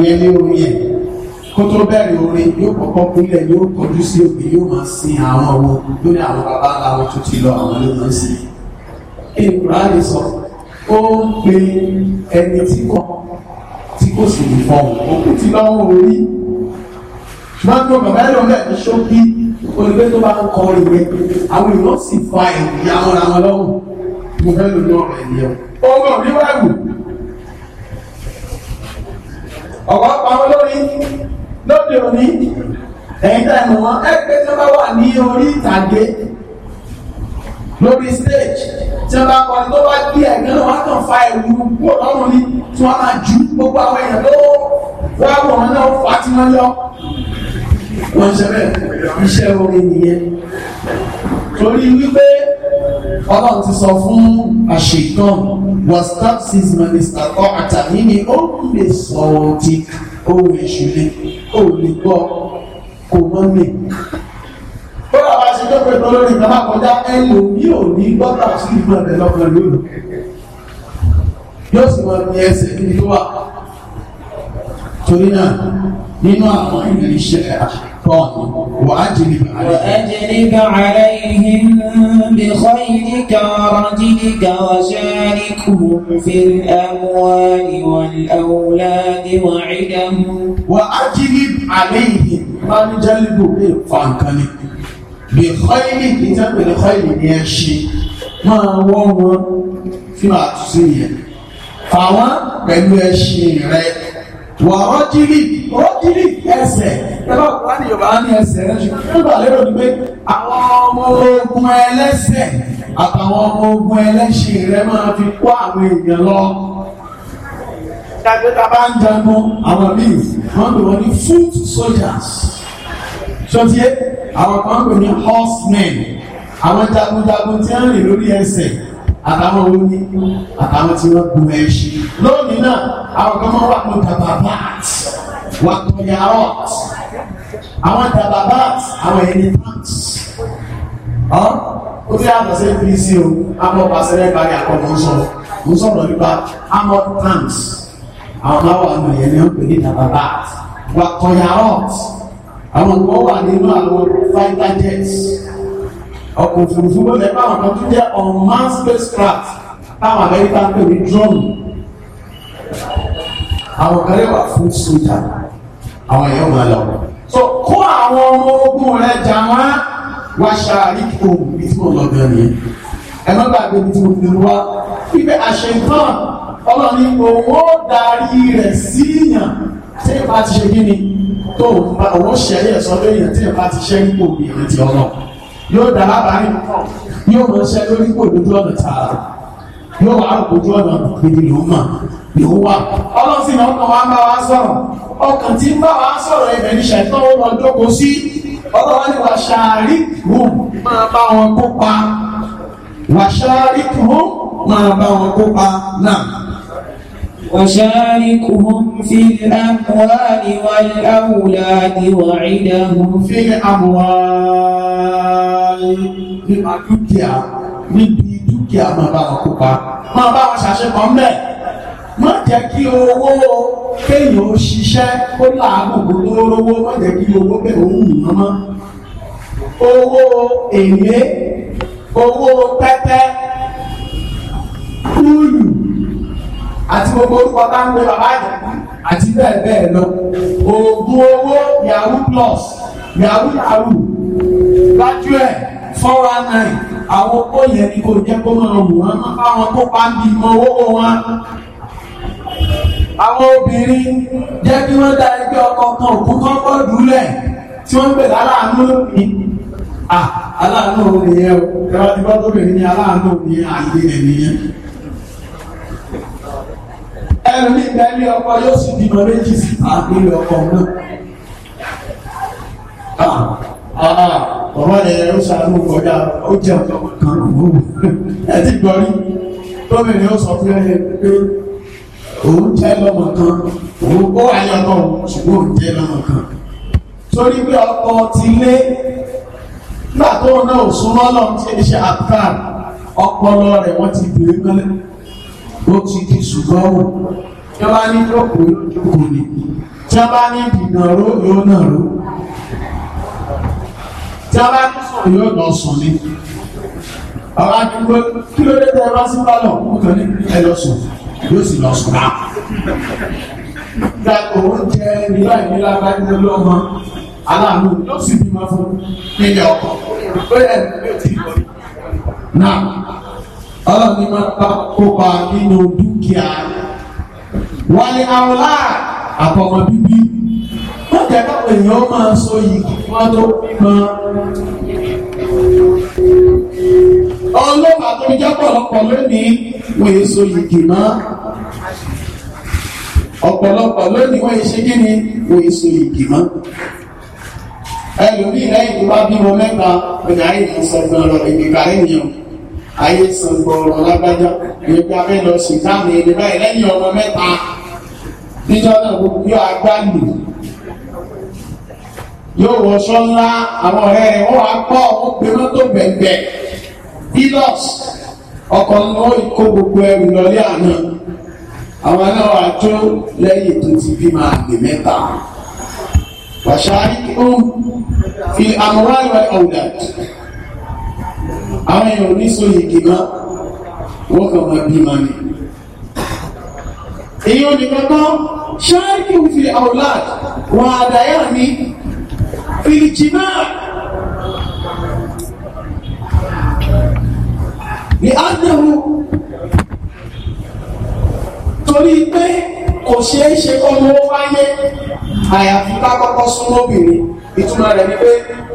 ìyẹn ní orí ẹ̀ kó tó bẹ̀rẹ̀ orin yóò kọ́kọ́ kúnlẹ̀ yóò kọjú sí òbí yóò máa sin àwọn ọmọ lórí àwọn bàbá aláwọ̀ tó ti lọ àwọn ló máa sin. ìkùránì sọ ó ń pe ẹni tí kò tí kò sì fọ òkú ti bá wọn orí ṣùgbọ́n tó bàbá ẹ̀rọ bẹ́ẹ̀ ní ṣókí olùgbé tó bá ń kọ ìwé àwọn èèyàn sì fa ìyá wọn ra lọ́wọ́ mo fẹ́ lò ní ọ̀rọ̀ ènìyàn. ó lóde òní ẹ̀yin tẹ́ ẹnu wọn ẹ pé tí wọ́n bá wà ní orí ìtàgé lórí stage tí wọ́n bá kọ́ ni tó bá gbé ẹ̀gbẹ́ náà wọ́n kàn fa ẹ̀rù kúrò lọ́rùn ni tí wọ́n máa ju gbogbo àwọn èèyàn ló wá wọ̀ wọn náà fà tí wọ́n yọ. wọ́n ṣe bẹ́ẹ̀ iṣẹ́ orin nìyẹn torí wípé ọlọ́run ti sọ fún àṣetán wastafzis man istata'ta minhum bi sawtik ohun ìṣúlẹ̀ ó lè gbọ́ kò mọ́ mi. ó lọ bá ṣe dọ́pẹ́ tó lórí ìgbà máa kọjá ẹlòmí ò ní gbọ́dọ̀ sí ìgbà rẹ̀ lọ́kàn lónìí yóò sì máa ní ẹsẹ̀ níbi tó wà torí náà nínú àwọn ìrìn àṣẹ. وأجلب عليهم بخيرك ورجلك وشاركهم في الأموال والأولاد وعدهم وأجلب عليهم من جلب فانكلب بخير تنبل خير يشي ما هو في عطسية فهو pẹ̀lú ẹṣin rẹ̀ wà rọ́jìlì ẹ̀fọ́ wá ní Yorùbá ní ẹsẹ̀ rẹ̀ ṣùgbọ́n nígbà lérò ni pé àwọn ọmọ ogun ẹlẹ́sẹ̀ àtàwọn ọmọ ogun ẹlẹ́sìn rẹ̀ máa fi kó àwọn èèyàn lọ. Dàgbẹ́ta bá ń jagun àwọn míì wọ́n pè wọ́n ní foot soldiers. Ṣọ́tíyé àwọn kan pè ní horsemen àwọn jagunjagun tí wọ́n rìn lórí ẹsẹ̀ àtàwọn oní àtàwọn tí wọ́n gun ẹṣin. Lónìí náà àwọn kan máa wà ní kàtàkàt wà kọ̀yàrọ̀t àwọn tàbàbà àwọn ẹni tanks ó ti yàtọ̀ sí pc o amọ̀ pàṣẹlẹ̀ báyìí àkọ́kọ́ ń sọ̀rọ̀ ń sọ̀rọ̀ nípa amọ̀ tanks àwọn máa wà nù yẹn ní ọ̀pẹ̀ ní tàbàbà wà kọ̀yà hot àwọn nǹkan wà nínú àwọn fighter jets ọkọ̀ òfurufú lọ́lẹ̀ báwọn kan tún jẹ́ unmanned spacecraft táwọn Amẹ́ríkà ń pè ní drone àwọn kan lè wà fún sójà àwọn èèyàn máa lọ kó àwọn ọmọ ogun rẹ̀ jà wọ́n wáṣà àríkò ibi tí mo lọ gan ni ẹ má gbàgbé ibi tí mo ti wá wípé àṣetán ọlọ́ni òun ó darí rẹ̀ síyàn tí ìbá ti ṣe kí ni tó òun ṣẹ̀rí ẹ̀sọ́ lórí ẹ̀ tí ìbá ti ṣẹ́ nípò ìrètí ọlọ́ yóò dá lábàárín yóò ránṣẹ́ lórí pò lójú ọ̀nà tààrà yóò wá àrùkójú ọ̀nà àgbègbè ló mà ló wà. ọlọ́run sì máa ń kàn wá bá wa sọ̀rọ̀ ọkàn tí ń bá wa sọ̀rọ̀ ibẹ̀ ní ṣàìtọ́ ó wọn jókòó sí ọlọ́run ni wà ṣàárí kù máa bá wọn kópa wà ṣàárí kù máa bá wọn kópa náà. وشاركهم في الأموال والأولاد وعدهم في الأموال kí a máa bá wọn kópa máa bá wọn ṣàṣepọ̀ ń bẹ̀ má jẹ́ kí owó kéèyàn ó ṣiṣẹ́ ó làágùn lórówó má jẹ́ kí owó bẹ̀ ó wù wọ́n mọ́ owó èlé owó pẹ́pẹ́ kúlù àti gbogbo orúkọ bá ń gbé bàbá àjẹkù àti bẹ́ẹ̀ bẹ́ẹ̀ lọ oògùn owó yahoo plus yahoo yahoo gbájú ẹ̀ four one nine àwọn owó yẹn ni kò jẹ́ kó máa wù wọ́n máa báwọn tó pa ń bí mọ́ owó wọn. àwọn obìnrin jẹ́ kí wọ́n dá ẹgbẹ́ ọkọ̀ kan òkú kan pọ̀ dúlẹ̀ tí wọ́n ń pè láláàánú mi. aláàánú nìyẹn o ẹ̀rọ ti bá tóbìnrin ní aláàánú nìyẹn àìlè rẹ̀ nìyẹn. ẹnu ní ìgbẹ́lé ọkọ yóò sì bímọ méjì sí àgbélé ọkọ náà ọ̀rọ̀ ẹ̀rẹ́ ó sàánú kọjá ó jẹ́ ọ̀tọ̀ kan òun ẹ ti gbọ́ rí tóbìnrin ó sọ fún ẹ pé òun jẹ́ lọ́mọ kan òun ó ayọ̀ ọkọ ṣùgbọ́n òun jẹ́ lọ́mọ kan torí pé ọkọ ti lé nígbà tó náà ò súnmọ́ lọ́n tí ẹ ṣe àtúkà ọpọlọ rẹ̀ wọ́n ti bèrè mọ́lẹ̀ ó ti di ṣùgbọ́n wò tí ní jókòó jókòó ni ní dìnà ró náà tí a bá tún sùn yóò lọ sùn ni àwọn akíndó kí ló dé tẹ ẹ bá sí pálọ̀ kó kàn ní ẹ lọ sùn yóò sì lọ sùn náà. gba oúnjẹ nílá ìnílá bá ní ọlọ́mọ aláàánú yóò sì bímọ fún nílé ọkọ bóyá ẹ ló ti kọ. náà ọlọ́ọ̀ni máa bá kópa nínú dúkìá wálé àwọn láà bíbí jẹ́ káwọn èèyàn máa sọ yìí wọ́n tó bímọ. ọlọ́pàá tó jẹ́ pọ̀lọpọ̀ lónìí wọ́n yé sọ yìí mọ́. ọ̀pọ̀lọpọ̀ lónìí wọ́n yé ṣe kí ni wọ́n yé sọ yìí mọ́. ẹlòmíì lẹ́yìn tó bá bímọ mẹ́ta ọjà ayé ń sọ fún ọ̀rọ̀ ìgbìkà ènìyàn ayé san gbọ̀ọ̀rọ̀ lágbájá ìgbà mẹ́lọ sùn káàmì ìdìbà ìlẹ́yìn ọmọ mẹ́ta níjọ́ náà gbogbo yóò agbá lù yóò wọ sọ́nlá àwọn ọ̀rẹ́ rẹ̀ wọ́n wá pọ̀ wọ́n gbé mọ́tò gbẹ̀gbẹ̀ pilọ́s ọkọ̀ náà kó gbogbo ẹrù lọlé àná àwọn náà wà tó lẹ́yìn tó ti bí máa gbè mẹ́ta wàṣáárí ń fi àmúwá ìwà ọ̀dà àwọn èèyàn oníṣòwò yìí mọ́ wọ́n kàn máa bí máa ní. èèyàn nìkan kan ṣáárí kí n fi àwòlá wọn àdáyà mi. فالاجتماع لأنه torí pé kò ṣeé ṣe ọmọ ó wáyé àyàfi ká kọ́kọ́ súnmọ́ obìnrin ìtumọ̀ rẹ̀ ni pé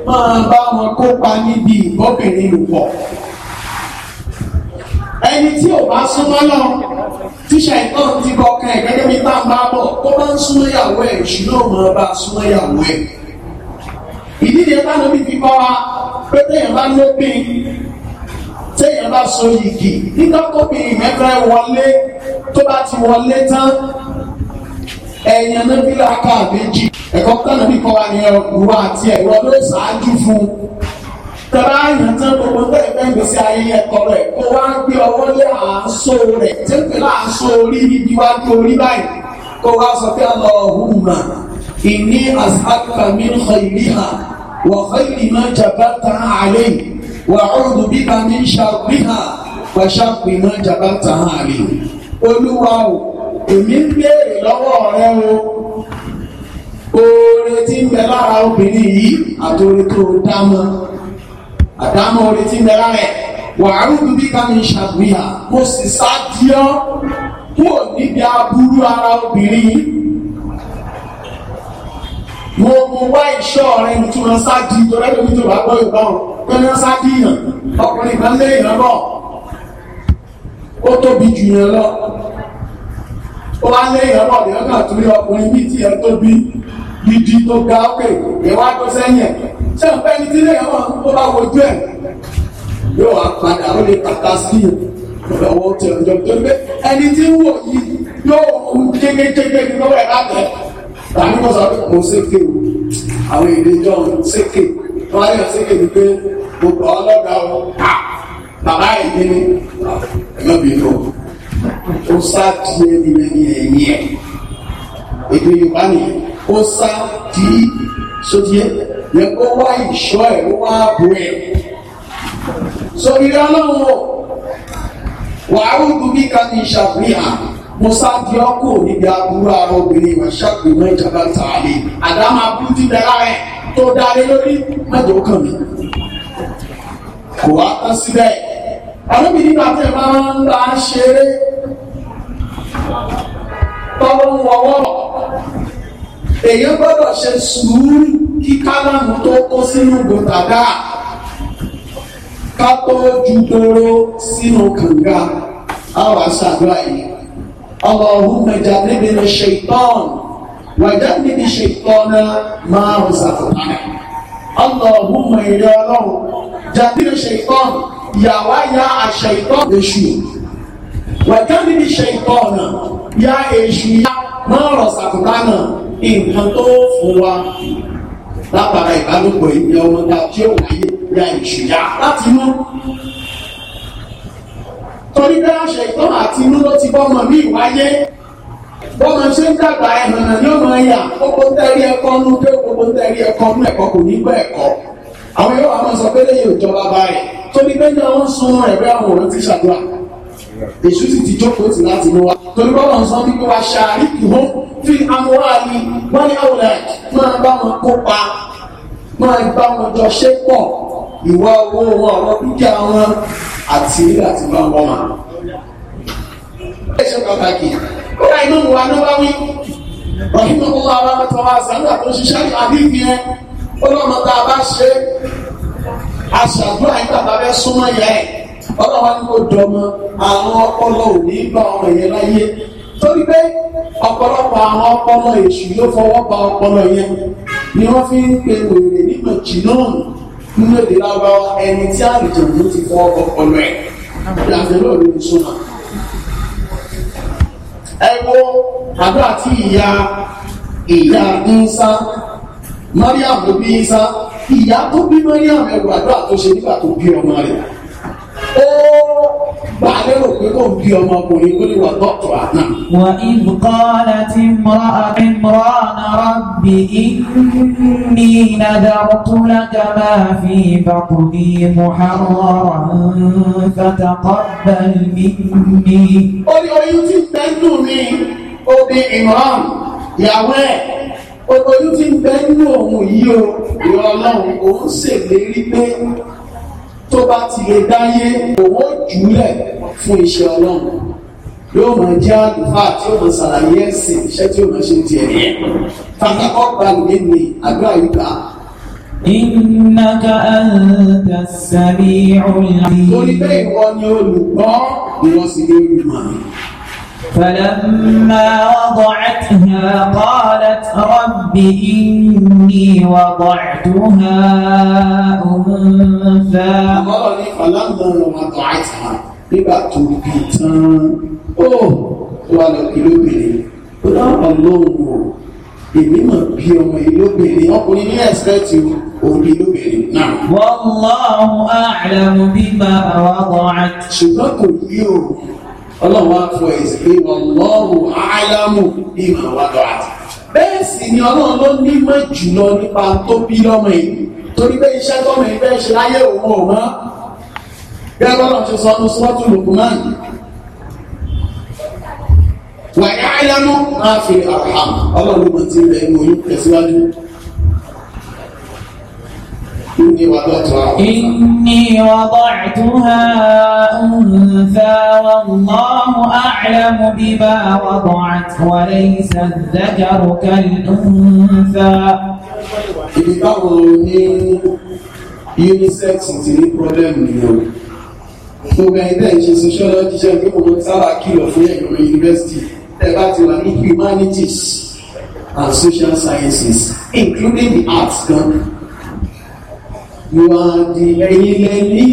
máa bá wọn kópa níbi ìbọ́bìnrin lòpọ̀ ẹni tí ò bá súnmọ́ náà tíṣà ìtàn ti bọ̀ kan ẹ̀ gẹ́gẹ́ bí tá a bá bọ̀ tó bá ń súnmọ́ ìyàwó ẹ̀ ìṣúná máa bá súnmọ́ ìyàwó ẹ̀ ìdíje táwọn bí fi kọ́ wa pé téèyàn bá lópin téèyàn bá so yìgì nígbà tó bí ìmẹ́fẹ́ wọlé tó bá ti wọlé tán ẹ̀yìn anábílẹ̀ aká méjì ẹ̀kọ́ táwọn bí kọ́ wa ni ẹ̀rọ àti ẹ̀rọ ló ṣáájú fún tẹ̀lá àyàn tán gbogbo bẹ́ẹ̀ bẹ́ẹ̀ gbèsè ayé ẹ̀kọ́ rẹ̀ kó wá gbé ọwọ́ lé àásó rẹ̀ tẹ́tẹ́ láàásó orí ibi wájú orí báyìí kó wá sọ pé àlọ́ mà إني أسألك من خيرها وخير ما جبلت عليه وأعوذ بك من شرها وشر ما جبلت عليه Olúwa o èmi ń béèrè lọ́wọ́ rẹ o oore tí ń bẹ lára obìnrin yìí àtòrè tó dámọ́ àdámọ́ oore tí ń bẹ lára ẹ̀ wàhálùkù bí kámi ṣàgbéyà mo sì sá díọ́ kúrò níbi aburú ara obìnrin yìí wo mo wá ìṣọ́ rẹ̀ tí wọ́n sáájú torí ẹ̀dọ́ tó bá gbọ́ ìbọn pé wọ́n sáájú yàn ọkùnrin kan lé ìyàn náà ó tóbi jù yàn lọ ó wá lé ìyàn náà lèyàn náà torí ọkùnrin bíi tí yẹn tóbi gidi tó ga ókè ìwá tó sẹ́yìn ẹ̀ ṣé ń pẹ́ ní tí lèyàn náà ó bá wojú ẹ̀ yóò wá padà ó lè kàtà sí ìrọ̀wọ́ tẹ̀ ọjọ́ tó gbé ẹni tí ń wò yìí yóò jégéjégé lọ́wọ́ ẹ̀ lábẹ́ tàbí kọ́ sọ pé kò sékè o àwọn èdè jọ sékè wọ́n á yàn sékè ní pé gbogbo ọlọ́gà ọ bàbá ìdí ni ẹ̀yọ́ bí lọ ó sá di ẹni ẹni ẹ̀yìn ẹ̀ èdè Yorùbá ni ó sá di sódìé yẹn kó wá ìṣọ́ ẹ̀ ó wá bò ẹ̀ sọ ìrẹ́ ọlọ́run wàá rúdú bí ní ìṣàfihàn musa di ọkọ níbi aburú ara obìnrin ìwà ṣàpèmọ ìjàmbá tààlẹ àdámà bú ti dára rẹ tó dáre lórí mẹjọ kàn mí kò wá tán síbẹ̀ ọlọ́bìnrin náà tẹ̀ máa ń bá a ṣeré tọ́wọ́ ń wọ́wọ́ èyí gbọ́dọ̀ ṣe sùúrù kí kálámù tó kó sínú gbòtàgá ká tó ju doro sínú kànga àwọn àṣàdúrà yìí. اللهم جنبنا الشيطان وجنب الشيطان ما رزقنا اللهم يا رب جنبنا الشيطان يا ويا الشيطان يشو وجنب الشيطان يا يشو ما رزقنا nǹkan tó fún wa látara ìbálòpọ̀ ìyá ọmọ tá a tí ó wáyé ya ìṣùyà láti mú torí bí àṣẹ ìtọ́ àti inú ló ti bọ́mọ mi wáyé bọ́mọ ṣe ń dàgbà ẹ̀hànà ni ó máa yà gbogbo ń tẹ́rí ẹ̀kọ́ nú pé gbogbo ń tẹ́rí ẹ̀kọ́ nú ẹ̀kọ́ kò ní gbọ́ ẹ̀kọ́ àwọn yóò wá máa sọ pé lẹ́yìn òjọba báyìí torí pé ní àwọn sun ẹ̀rẹ́ àwọn òun ti ṣàdúrà èṣù sì ti jókòó sí láti mú wa torí bọ́lá ń sọ bí pé wa ṣàárí kìhó fi amúhàlì wọ́n ní àwòrán máa bá wọn kópa máa bá wọn jọ ṣépọ̀ ìwà owó wọn ọ̀rọ̀ dúkìá wọn àti ilé àti bá wọn mà. ẹ ṣe pàtàkì ó ra inú wa ló bá wí rahimu allah wa rahmatu wa sanu àti oṣiṣẹ́ ní àdìgbì yẹn ó lọ́mọ tá a bá ṣe aṣàdúrà nígbà tá a fẹ́ súnmọ́ ìyá ẹ̀ ọlọ́wọ́ ni kò dọmọ àwọn ọpọlọ ò ní gbà ọmọ yẹn láyé torí pé ọ̀pọ̀lọpọ̀ àwọn ọpọlọ èṣù ló fọwọ́ ba ọpọlọ yẹn ni wọ́n fi ń pe wèrè nígbà jìnnà nínú èdè lágbáwá ẹni tí àlejò ló ti fọ́ ọpọlọ ẹ̀ ìyàtọ̀ náà ló ti súnmọ́. ẹ wo àdúrà tí ìyá ìyá ìsá mariam ló bí ìsá ìyá tó bí mariam ẹ wo àdúrà tó ṣe nígbà tó bí ọmọ rẹ̀ ó gbà lérò pé kò bí ọmọkùnrin kó lè wà dọ́tọ̀ àná. wà ìbùkọ́lá tí mọ́ra àmìmọ́ra náírà bí ní nàdàrútúlá gàmà fi bàkùnì muharraran fataqabbal minni. ó ní oyún tí bẹ́ńdù mi obì imran ìyàwó ẹ̀ oyún tí bẹ́ńdù òun yìí o ìrọ̀lọ́run òun ṣèlérí pé tó bá ti lè dáyé òun ó fún iṣẹ́ ọlọ́run yóò máa jẹ́ àlùfáà tí yóò máa ṣàlàyé ẹ̀sìn iṣẹ́ tí yóò máa ṣe tiẹ̀ nìyẹn tàbí ọgbà mi ni àgbà ìgbà. Innaka anta as-sami'ul Torí bẹ́ẹ̀ ìwọ ni olùgbọ́ ìwọ sì ni olùmọ̀. فلما وضعتها قالت رب إني وضعتها أنثى فلما وضعتها nígbà tó bí tán ó wà lọ ìlóbìnrin ó dáhùn ọlọ́run o èmi mà bí ọmọ ìlóbìnrin ọkùnrin ní ẹ̀sẹ̀tì òun ìlóbìnrin náà. wallahu a'lamu bima wada'at. ṣùgbọ́n kò yí òun ọlọ́run wá fún ẹ̀sìn pé wallahu a'lamu ìmọ̀ wà lọ́wọ́ bẹ́ẹ̀ sì ni ọlọ́run ló nímọ̀ jùlọ nípa tó bí lọ́mọ yìí torí pé iṣẹ́ tọ́mọ yìí fẹ́ ṣe láyé òun ò mọ́ bí ọlọ́run ti sọ ní sọ́tù Luqman wàyà àyánú máa fi àrà ọlọ́run mọ̀ tí ilẹ̀ ìwòyún tẹ̀síwájú إني وضعتها أنثى والله أعلم بما وضعت وليس الذكر كالأنثى unisex ti ní problem nìyẹn o bẹ ẹgbẹ́ ìṣe sociology jẹ́ pé mo sábà kìlọ̀ fún ẹ̀yọ́ yunifásitì ẹ ti wà ní humanities and social sciences including the arts gan you are the ẹ̀yin lẹ́ni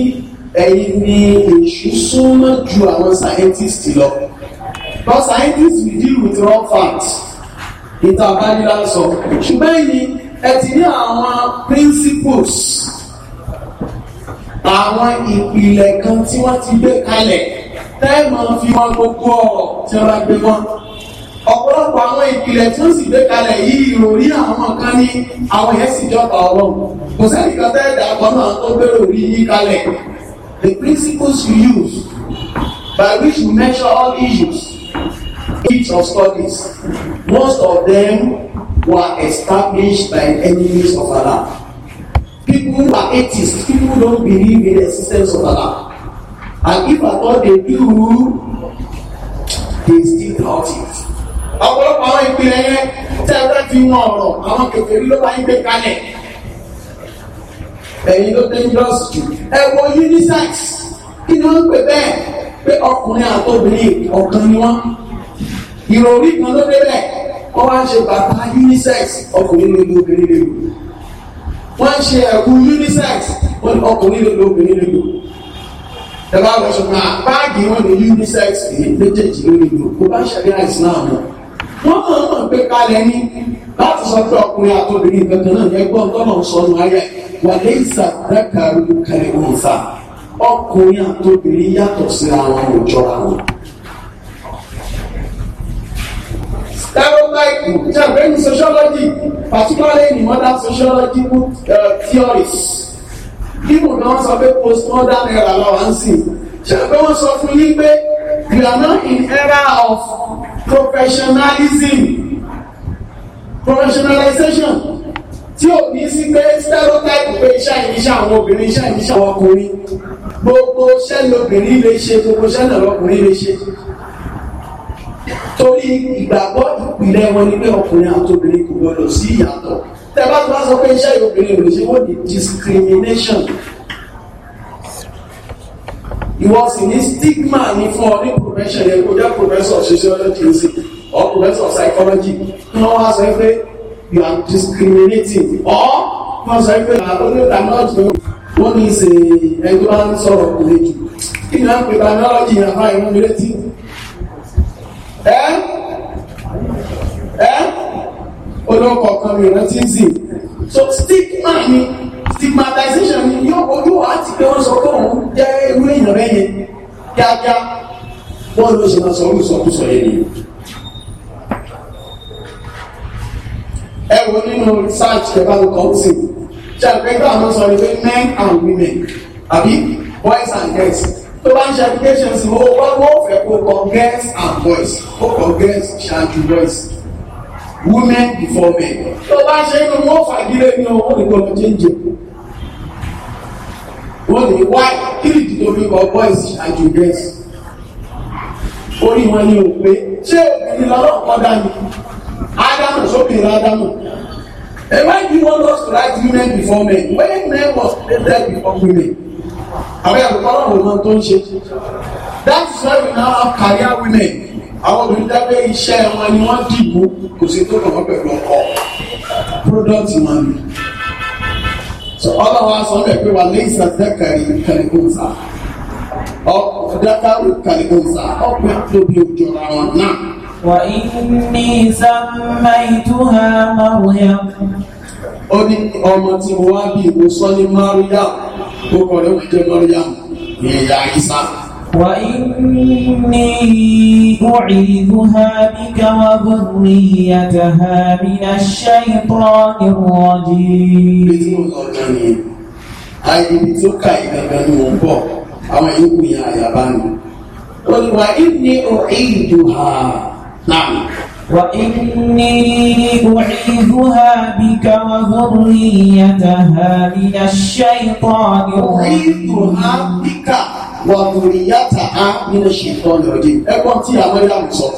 ẹ̀yin ni èṣù súnmọ́ ju àwọn scientists lọ because scientists we deal with raw facts ìta àbájúlá sọ ṣùgbọ́n ẹ̀yin ẹ ti ní àwọn principles àwọn ìpìlẹ̀ kan tí wọ́n ti gbé kalẹ̀ tẹ́ẹ̀mọ̀ fi wọn gbogbo ọ̀rọ̀ tí wọ́n bá gbé wọn ọ̀pọ̀lọpọ̀ àwọn ìpìlẹ̀ tí ó sì gbé kalẹ̀ yìí ìròrí àwọn kan ní àwọn yẹn sì jọba ọlọ́run kò sẹ́ni kan tẹ́ ẹ̀dá náà tó gbé òrí yìí kalẹ̀ the principles you use by which you measure all issues each of studies most of them were established by enemies of Allah people who are atheists people who don't believe in the existence of Allah and if at all they do they still doubt it ọ̀pọ̀lọpọ̀ àwọn ìpìlẹ̀ yẹn tẹ́ ẹ bá fi wọn ọ̀rọ̀ àwọn kèfèrí ló bá ń gbé kalẹ̀ ẹ̀yin ló dangerous jù ẹ wo unisex kí ni wọ́n ń pè bẹ́ẹ̀ pé ọkùnrin àtobìnrin ọ̀kan ni wọ́n ìròrí kan ló débẹ̀ wọ́n wá ń ṣe bàtà unisex ọkùnrin ló ló obìnrin lè lò wọ́n ń ṣe ẹ̀kú unisex ọkùnrin ló ló obìnrin lè lò ẹ̀bá lọ ṣùgbọ́n báàgì wọn ní unisex méjèèjì ló lè lò kó bá ṣẹlẹ̀ àìsàn náà mọ́ wọ́n mọ̀ ọ́n mọ̀ pé kalẹ̀ ní láti sọ pé ọkùnrin àtọ́bìnrin kankan náà yẹ gbọ́n tọ́nà sọnù ayẹ wà lè sà dákàrú kẹrẹ òǹsà ọkùnrin àtọ́bìnrin yàtọ̀ síra wọn ò jọra wọn. stereotype jẹ́ in sociology particularly in modern sociological uh, theories bíbù náà sọ pé postmodern era làwọn ń sìn ṣe pé wọ́n sọ fún yín pé you are not in era of professionalism professionalization tí ò ní sí pé stereotype pé iṣẹ́ ìníṣẹ́ àwọn obìnrin iṣẹ́ ìníṣẹ́ àwọn ọkùnrin gbogbo iṣẹ́ lobìnrin lè ṣe gbogbo iṣẹ́ náà lọkùnrin lè ṣe torí ìgbàgbọ́ ìpìlẹ̀ wọn ni pé ọkùnrin àtobìnrin kò gbọdọ̀ sí ìyàtọ̀ tẹ́ bá tó bá sọ pé iṣẹ́ ìobìnrin ò lè ṣe wọ́n di discrimination ìwọ sì ní stigma ní fún ọ ní profession yẹn kó jẹ́ professor sociology ní or professor psychology ní wọ́n wá sọ pé you are discriminating or wọ́n sọ pé oníta náà jù wọ́n ní ṣe ẹgbẹ́ wa ń sọ̀rọ̀ kò lè jù kí ni wọ́n pe technology yẹn fún àìmọ́ mi létí. ẹ ẹ olóńkọ̀ọ̀kan mi rántí sí so stigma ni stigmatization yóò ojú wa ti pé wọ́n sọ pé òun jẹ́ ewé èèyàn rẹ̀ yẹn kíákíá wọ́n ló ṣe máa sọ orí ìsọkúsọ yẹn ni. ẹ wo nínú research kẹfà ló kọ́ sí ṣe àpẹẹrẹ àwọn sọ ni pé men and women àbí boys and girls tó bá ń ṣe applications ó wá wọ́n fẹ́ kó kọ girls and boys kó kọ girls ṣáájú boys women before men. tó bá ṣe inú wọn fagilé ní ọwọ́ ìgbọ̀nà jẹ́jẹ́ wọ́n lè wá kíríkì tó fi kọ́ boys àjò girls orí wọn ni ò pé ṣé obìnrin lọ́rọ̀ kọ́ dání ádámù sóbìnrin ádámù And why do you want us to write women before men when men was created before women? Àwọn ẹ̀rọ kọ́lọ́run náà tó ń ṣe. That is why we now have career women àwọn obìnrin dábẹ́ iṣẹ́ wọn ni wọ́n dìbò kò sí tó kàn wọ́n pẹ̀lú ọkọ product wọn ni so ọlọ́wọ́ aṣọ ń bẹ̀ pé wà lẹ́yìn sàdákàrí kàlíkóńsà dákàrú kàlíkóńsà ọ̀pẹ́ àtòbí òjòra wọn náà. wà á ní sàmà ìtura Maryam. ó ní ọmọ tí mo wá bí mo sọ ní Maryam tó kọ̀ lẹ́wọ̀n jẹ́ Maryam ìyá Ìsá. وإني أعيذها بك وذريتها من الشيطان الرجيم ibi tí ó kà yí gangan ni mò ń bọ̀ àwọn ìyókù yẹn àyàbá ni. olùwà ìní ọ̀hìndù ha náà. wà ìní ọ̀hìndù ha bí ká wà lórí yàtà ha ní aṣẹ́ ìpọ́n ni. ọ̀hìndù ha bí ká. wà bùrìyàtà á nínú ṣètò ọ̀nà ọ̀dẹ ẹ̀kọ́ tí àmọ́dàmù sọ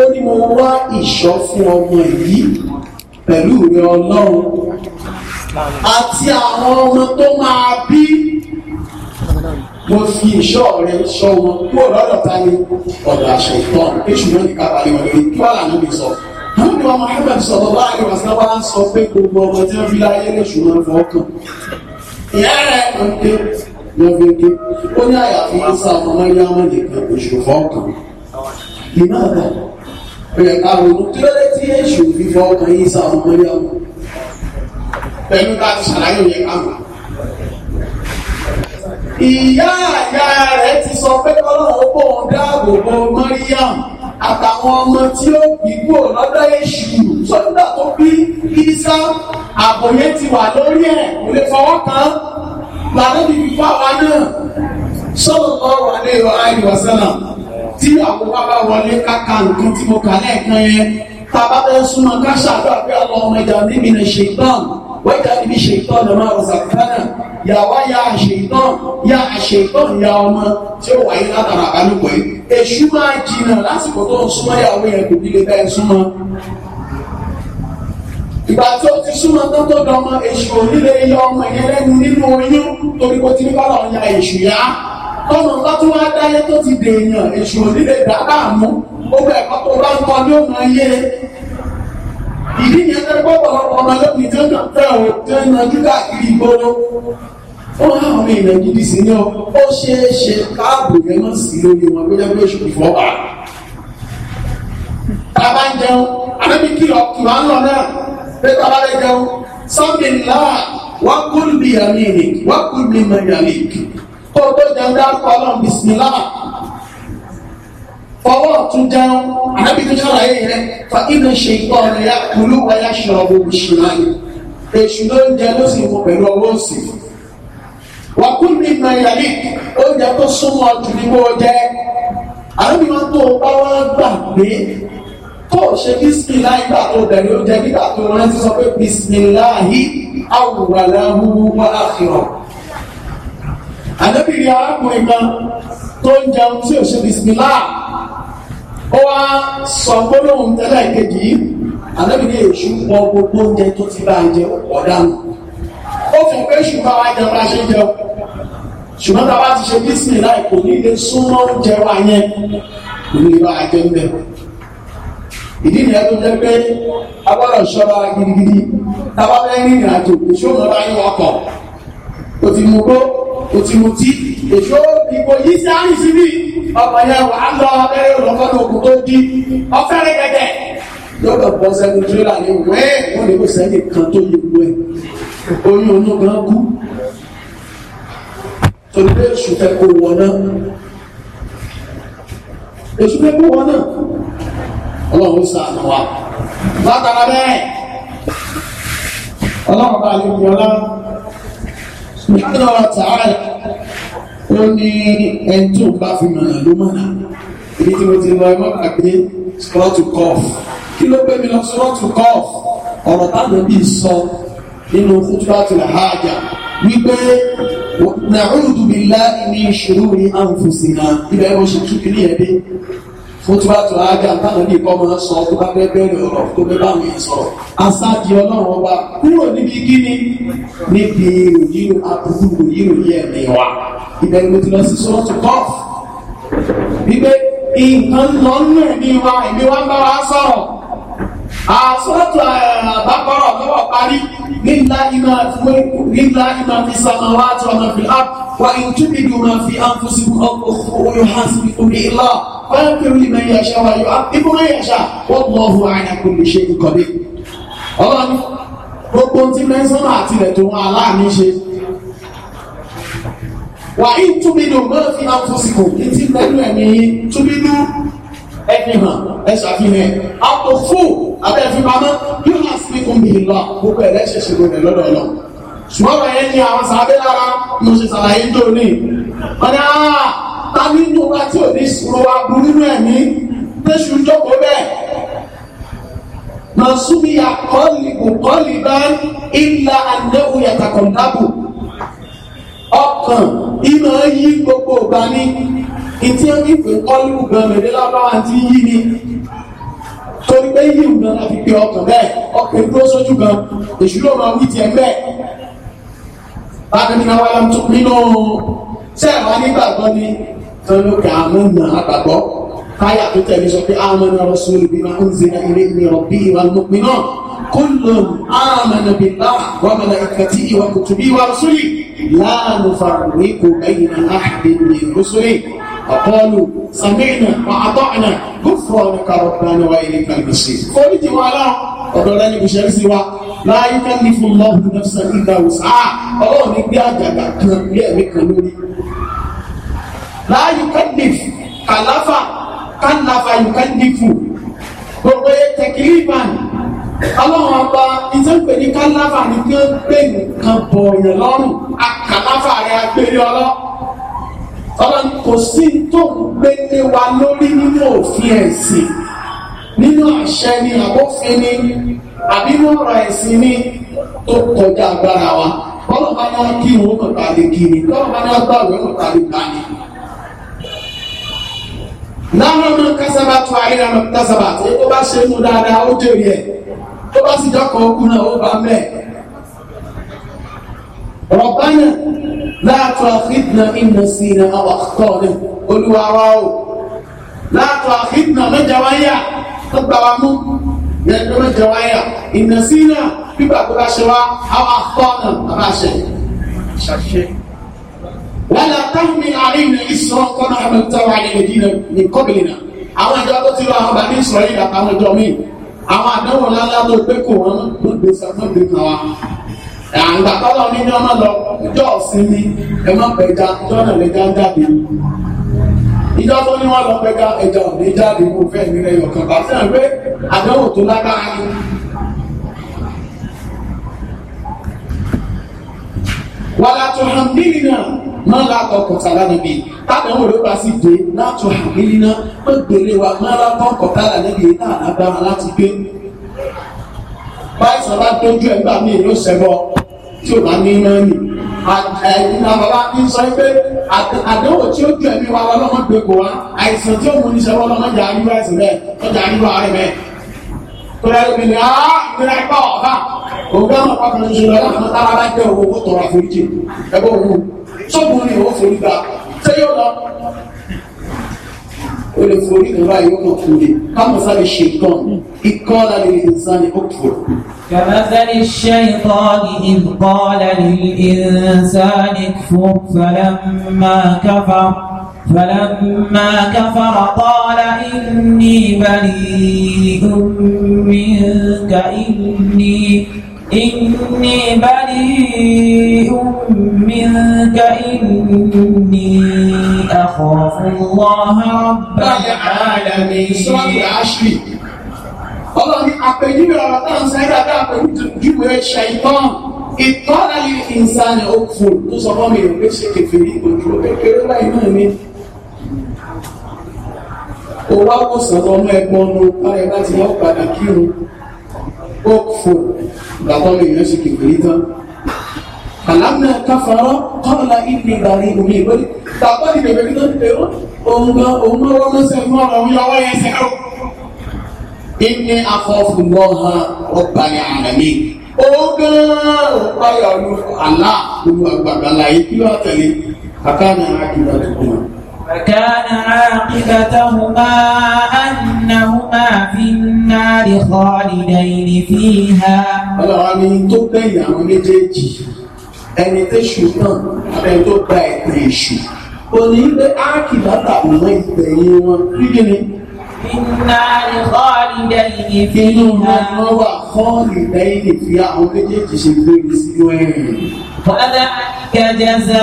ó ní mo wá ìṣọ́ fún ọmọ yìí pẹ̀lú ìwé ọlọ́run àti àwọn ọmọ tó máa bí mo fi ìṣọ́ rẹ ṣọ́ wọn kúrò lọ́dọ̀ ta ni ọ̀dọ̀ àṣẹ ìtàn èṣù náà ní kábàlì wọn lórí kí wà lànà mi sọ àwọn ọmọ Muhammad sọlọ́lá àríwá sábà ń sọ pé gbogbo ọmọ tí wọ́n fi láyé lè ṣùgbọ́n fọ́ ìyá rẹ̀ ń pè lọ́fíńdé ó ní àyàfi isa ọmọ mẹ́rìámọ́ nìkan oṣù fọ́ọ̀kan ìmọ̀ àgbà rẹ̀ karùn-ún kí ló dé tí èṣù fífọ́ ọkàn isa ọmọ pẹ̀lú láti ṣàlàyé òye kàmà ìyá àyà rẹ̀ ti sọ pé kọ́lọ́hún kó ń dáàbò bo mẹ́rìám àtàwọn ọmọ tí ó bí lọ́dọ̀ èṣù sọ́dọ̀ tó bí isa àbòyé ti wà lórí ẹ̀ kò lè fọwọ́ kàn lànà bíbí fáwa náà sọ̀rọ̀ ọ̀rọ̀ àdéhùn àìwọ̀ sẹ́nà tí àkókò bá wọlé káka nǹkan tí mo kà lẹ́ẹ̀kan yẹn tàbá bẹ́ẹ̀ súnmọ́ ká ṣàdúrà pé ọlọ́mọ ìjà níbi ní ṣètàn wẹ́jà níbi ṣètàn lọ́mọ ọ̀sàkánà yàwá ya àṣetán ya àṣetán ya ọmọ tí ó wáyé látara àbálòpọ̀ yìí èṣù máa jìnnà lásìkò tó ń súnmọ́ yàwó yẹn kò ìgbà tí ó ti súnmọ́ tán tó dán ọmọ èṣù onílé iye ọmọ yẹn lẹ́nu nínú oyún torí kò ti ní bọ́lá ọ̀yà èṣù yá tọ́mọ bá tún wá dáyé tó ti dèèyàn èṣù onílé dábà mú gbogbo ẹ̀kọ́ tó bá ń kọ́ ní ọmọ yé ìdí yẹn fẹ́ gbọ́dọ̀ ọmọ lóbi tó ń fẹ́ o tó ń yanjú káàkiri ìgboro ó há àwọn èèyàn gidi sí ní ọ ó ṣeé ṣe káàbò yẹn náà sí lórí wọn ló jẹ́ pé oṣù ìfọ́ba tá a bá ń jẹun àbẹ́bí kìlọ̀ kìlọ̀ ń lọ náà pépé abalẹ jẹun sọmi ńlá wọn kúlù bí yàmi ni wọn kúlù bí mẹyàmi kó o tó jẹun dárúkọ Ọlọ́run bisimilá fọwọ́ ọ̀tún jẹun ànábì tó ṣàlàyé yẹn fa ibi ṣe ìtọ́ ọ̀rẹ́ ya kúlù wáyà ṣe ọ̀bọ̀ òṣìlá yìí èṣù ló ń jẹ ló sì mú pẹ̀lú ọwọ́ òsì wàkúlù bí mẹyàmi oúnjẹ tó súnmọ́ ọdún ní kó jẹ àrùn ìwọ̀n tó o gbà pé tó ṣe bísímìlá ìgbà tó bẹ̀rẹ̀ oúnjẹ nígbà tó rántí sọ pé bísímìlá yìí awùwàláwù wà áfihàn. àdébìrì arákùnrin kan tó ń jẹun tí ò ṣe bísímìlá ó wá sọ gbólóhùn tẹ́lẹ̀ kejì yìí àdébìrì èṣù pọ̀ gbogbo oúnjẹ tó ti bá jẹ ọ̀dánù. ó fi pé ṣùgbọ́n àwọn ajẹun bá ṣe jẹun ṣùgbọ́n tá a bá ti ṣe bísímìlá kò ní lè súnmọ́ oúnjẹ wa yẹn ìdí ìrìn àjò jẹ́ pé a gbọ́dọ̀ ṣọ́ra gidigidi tábà fẹ́ rìn ìrìn àjò èṣù ọ̀nà bá yín ọkọ̀ o ti mú gbó o ti mú tí èṣù ìbò yìí sí àárín síbí ọkọ̀ yẹn wà á lọ abẹ́rẹ́ òlọ́kọ́nà òkú tó di ọ̀fẹ́rẹ́ gẹ́gẹ́ yóò lọ bọ́ sẹ́nu tírélà ní wẹ́ẹ́ wọ́n lè kó sẹ́yìn kan tó yẹ wẹ́ẹ́ oyún onú gan kú torí pé èṣù fẹ́ kó wọ náà èṣù fẹ́ kó wọ náà ọlọ́run sàánú wa látara bẹ́ẹ̀ ọlọ́run bá lè fi ọlá nígbà wa tààrà ó ní ẹni tó bá fi mọ̀nà ló mọ̀nà ibi tí mo ti lọ ẹmọ́ gbàgbé sọ́ọ̀tù kọ́ọ̀f kí ló gbé mi lọ sọ́ọ̀tù kọ́ọ̀f ọ̀rọ̀ táwọn bí sọ nínú kútúrátù làhájà wípé nàúdù billahi min shururi anfusina ibẹ̀ ẹ̀rọ ṣe kíkiri ẹ̀dẹ́ mútúbà tó ága táwọn ní ìkọ́ máa ń sọ tó bá fẹ́ bẹ̀rẹ̀ ọ̀rọ̀ tó bẹ́ bá wọn sọ̀rọ̀ asáàdì ọlọ́run ọba kúrò níbi kíni níbi òyìn àbúrú òyìn ẹ̀mí wa ibẹ̀ ni mo ti lọ sí sọ́rọ́ tó kọ́ wípé nǹkan lọ́nà ẹ̀mí wa ẹ̀mí wa ń bá wa sọ̀rọ̀ àsọ́tò àbábọ́rọ̀ lọ́wọ́ parí nílá ìmọ̀ fi sàmàwá àti ọmọ fi hàn wà ìtúbìdì ọmọ fi hàn fún sí ọkọ̀ oyún hàn sí orí ìlọ́ fẹ́ẹ̀kì orí mẹ́rin ẹ̀ṣẹ́ wà yóò ibú mẹ́rin ẹ̀ṣẹ́ wọ́n mọ̀ ọ̀hún àyà kò lè ṣe ìkọ̀lé ọlọ́ni gbogbo tí mẹ́sánà àti rẹ̀ tó wọn aláàmì ṣe wà ìtúbìdì ọmọ fi hàn fún sí kò ní ti mẹ́rin ẹ̀mí túbìdì ẹ fi hàn ẹ ṣàfihàn ẹ àpò fún abẹ́ fi pamọ́ bí wọ́n á sí fún mi lọ gbogbo ẹ̀rẹ́ ṣẹ̀ṣẹ̀ lónìí lọ́dọ̀ lọ. ṣùgbọ́n ẹ ní àwọn sàbẹ́ lára mo ṣe ṣàlàyé tó ní. wọ́n ta ní tó wá tí ò ní sùúrù wa burú nínú ẹ̀mí tẹ́sù jókòó bẹ́ẹ̀. Màsúmi àkọ́lì kò kọ́lì bá ìlà àdéhù yàtàkọ̀ńdàbò. Ọkàn ìmọ̀ yí gbogbo ìgbà ìtí ó ní pé kọ́lù gan lèdè lábáwá ti yí ni torí pé yí gan láti pe ọkàn bẹ́ẹ̀ ọkàn dúró sójú gan èṣù ló máa wí tiẹ̀ bẹ́ẹ̀ bákan ní àwọn ẹlẹ́mu tó nínú ṣé ẹ̀rọ nígbàgbọ́ ni tọ́lú kà á mú nà á gbàgbọ́ káyà tó tẹ̀lé sọ pé àmọ́nà ọ̀rọ̀ sórí bí máa ń zina ilé ní ọ̀bí ìwà lópin náà kullum amana billah wa malaikatihi wa kutubihi wa rusulihi la nufarriqu bayna ahadin min rusulihi وقالوا سمعنا وأطعنا غفرانك ربنا وإليك المصير foríjì wa Ọlọ́run ọ̀dọ̀ rẹ ni ìṣẹ́rí sí wa la yukallifu Allahu nafsan illa wus'aha Ọlọ́run ní gbé àjàgà kan ní ẹ̀mí kan lórí la yukallifu kàláfà kàláfà yukallifu gbogbo tẹkìlífàn Ọlọ́run ọba ìtẹ́pẹ̀ ní kàláfà ní kí ó gbé nǹkan bọ̀ ọ̀yàn lọ́rùn àkàláfà rẹ̀ agbélé ọlọ́run ọlọ́run kò sí tó ń gbé lé wa lórí nínú òfin ẹ̀sìn nínú àṣẹ ni àbófin ni àbí mọ́ra ẹ̀sìn ni tó kọjá agbára wa bọ́lá bá yá kí wọ́n mọ̀ tá a lè ni bọ́lá bá yá gbàgbé lè gbà ni. láwọn ọmọ kásábà tó ayéra mọ̀ kásábà tó bá ṣe mú dáadáa ó jèrè ẹ̀ tó bá sì jọ́kọ̀ ọkùnrin náà ó bá mẹ́ẹ̀. ربنا لا تؤاخذنا إن نسينا أو أخطأنا Olúwa wa o لا تؤاخذنا má jẹ wá yà tó gbà wá mú yẹn tó má jẹ wá yà إن نسينا bíbà tó bá ṣe wá أو أخطأنا bá ṣe. ولا تحمل علينا إصرا كما حملته على الذين من قبلنا àwọn ìjọ tó ti lọ àwọn bàbá Ísírẹ́lì àtàwọn ìjọ míì àwọn àdánwò ńláńlá ló gbé kò wọn mọ̀gbẹ́sà mọ̀gbẹ́sà wa. àgbà tọ́lọ́ ní ní ọmọ lọ ìjọ ìsinmi ẹ má pẹja ìjọ náà lè já jáde ìjọ tó ní wọn lọ pẹja ẹja ò ní jáde kó fẹ́ mi rẹ yọkan bá sí àdéhùn tó lágbára ni. wàlá tó hàn nílì náà bá sì dé hàn nílì náà pé dojú ẹgbàá mi ṣẹbọ. tí ò bá ní náà nì ẹ̀yìn àbábá ń sọ pé àdánwò tí ó ju ẹ̀mí wa lọ́mọ gbé kò wá àìsàn tí ó mú ní sẹ́wọ́ lọ́mọ jà nínú ẹ̀sìn bẹ́ẹ̀ lọ́jà nínú ààrẹ bẹ́ẹ̀ tó lẹ́nu mi ní á ìnira ẹ̀pá ọ̀bá òun bẹ́ẹ̀ mọ̀ pàtàkì ṣoṣo lọ́la àwọn tára bá jẹ́ owó tọrọ àforíjì ẹgbẹ́ òun sókùnrin ò forí gbà ó lè forí kan báyìí ó nà kúlè káwọn sáré ṣe tán ìkọ́lá lè lè sáré ó kúrò. كمثل الشيطان إذ قال للإنسان اكفر فلما كفر فلما كفر قال إني بريء منك إني إني بريء منك إني أخاف الله رب العالمين سورة عشر ọlọ́ni àpèjúwe ọ̀rọ̀ náà sẹ́dá bá àpèjúwe ṣàìtàn ìtọ́lálì ìsàlẹ̀ òkú tó sọ fún mi ìròyìn ṣe kẹfìrí ojú kékeré báyìí náà ni owó àwòsàn lọ́nà ẹgbọ́n ló bá ẹ láti wọ́n padà kírun ọkfò gbàtọ́lù èèyàn sì kìkìrí tán kàlámà káfàárọ̀ kọ́ọ̀lá ìdí ìdarí omi ìwé tàbá ti bẹ̀rẹ̀ nínú ẹ̀rọ òun gan òun ló wọ́n lọ́sẹ̀ fún ọ̀rọ̀ òun lọ́wọ́ yẹn sẹ́ ọ́ ìní afọ́fù lọ́ha ọba ní àrẹ̀mí ó gan ọ̀pá ìyàwó àlá olùwàgbàgbà láyé kí ló àtẹ̀lé àkáàmì àkìlá tó kùnà. فكان عاقبتهما أنهما في النار خالدين فيها ọlọ́run tó gbẹ̀yìn àwọn méjèèjì ẹni tó ṣùgbọ́n ẹni tó gba ẹ̀tàn èṣù ó ní pé ákìlá tàbí mọ́ ìgbẹ̀yìn wọn kíkí ni. Ìnáàrí kọ́ọ̀lìdẹ́yìn fi ń ha. Wọ́n wà kọ́ọ̀lìdẹ́yìn fi àwọn méjèèjì ṣe gbé mi sínú ẹ̀rìn. Wọ́n kẹjẹsẹ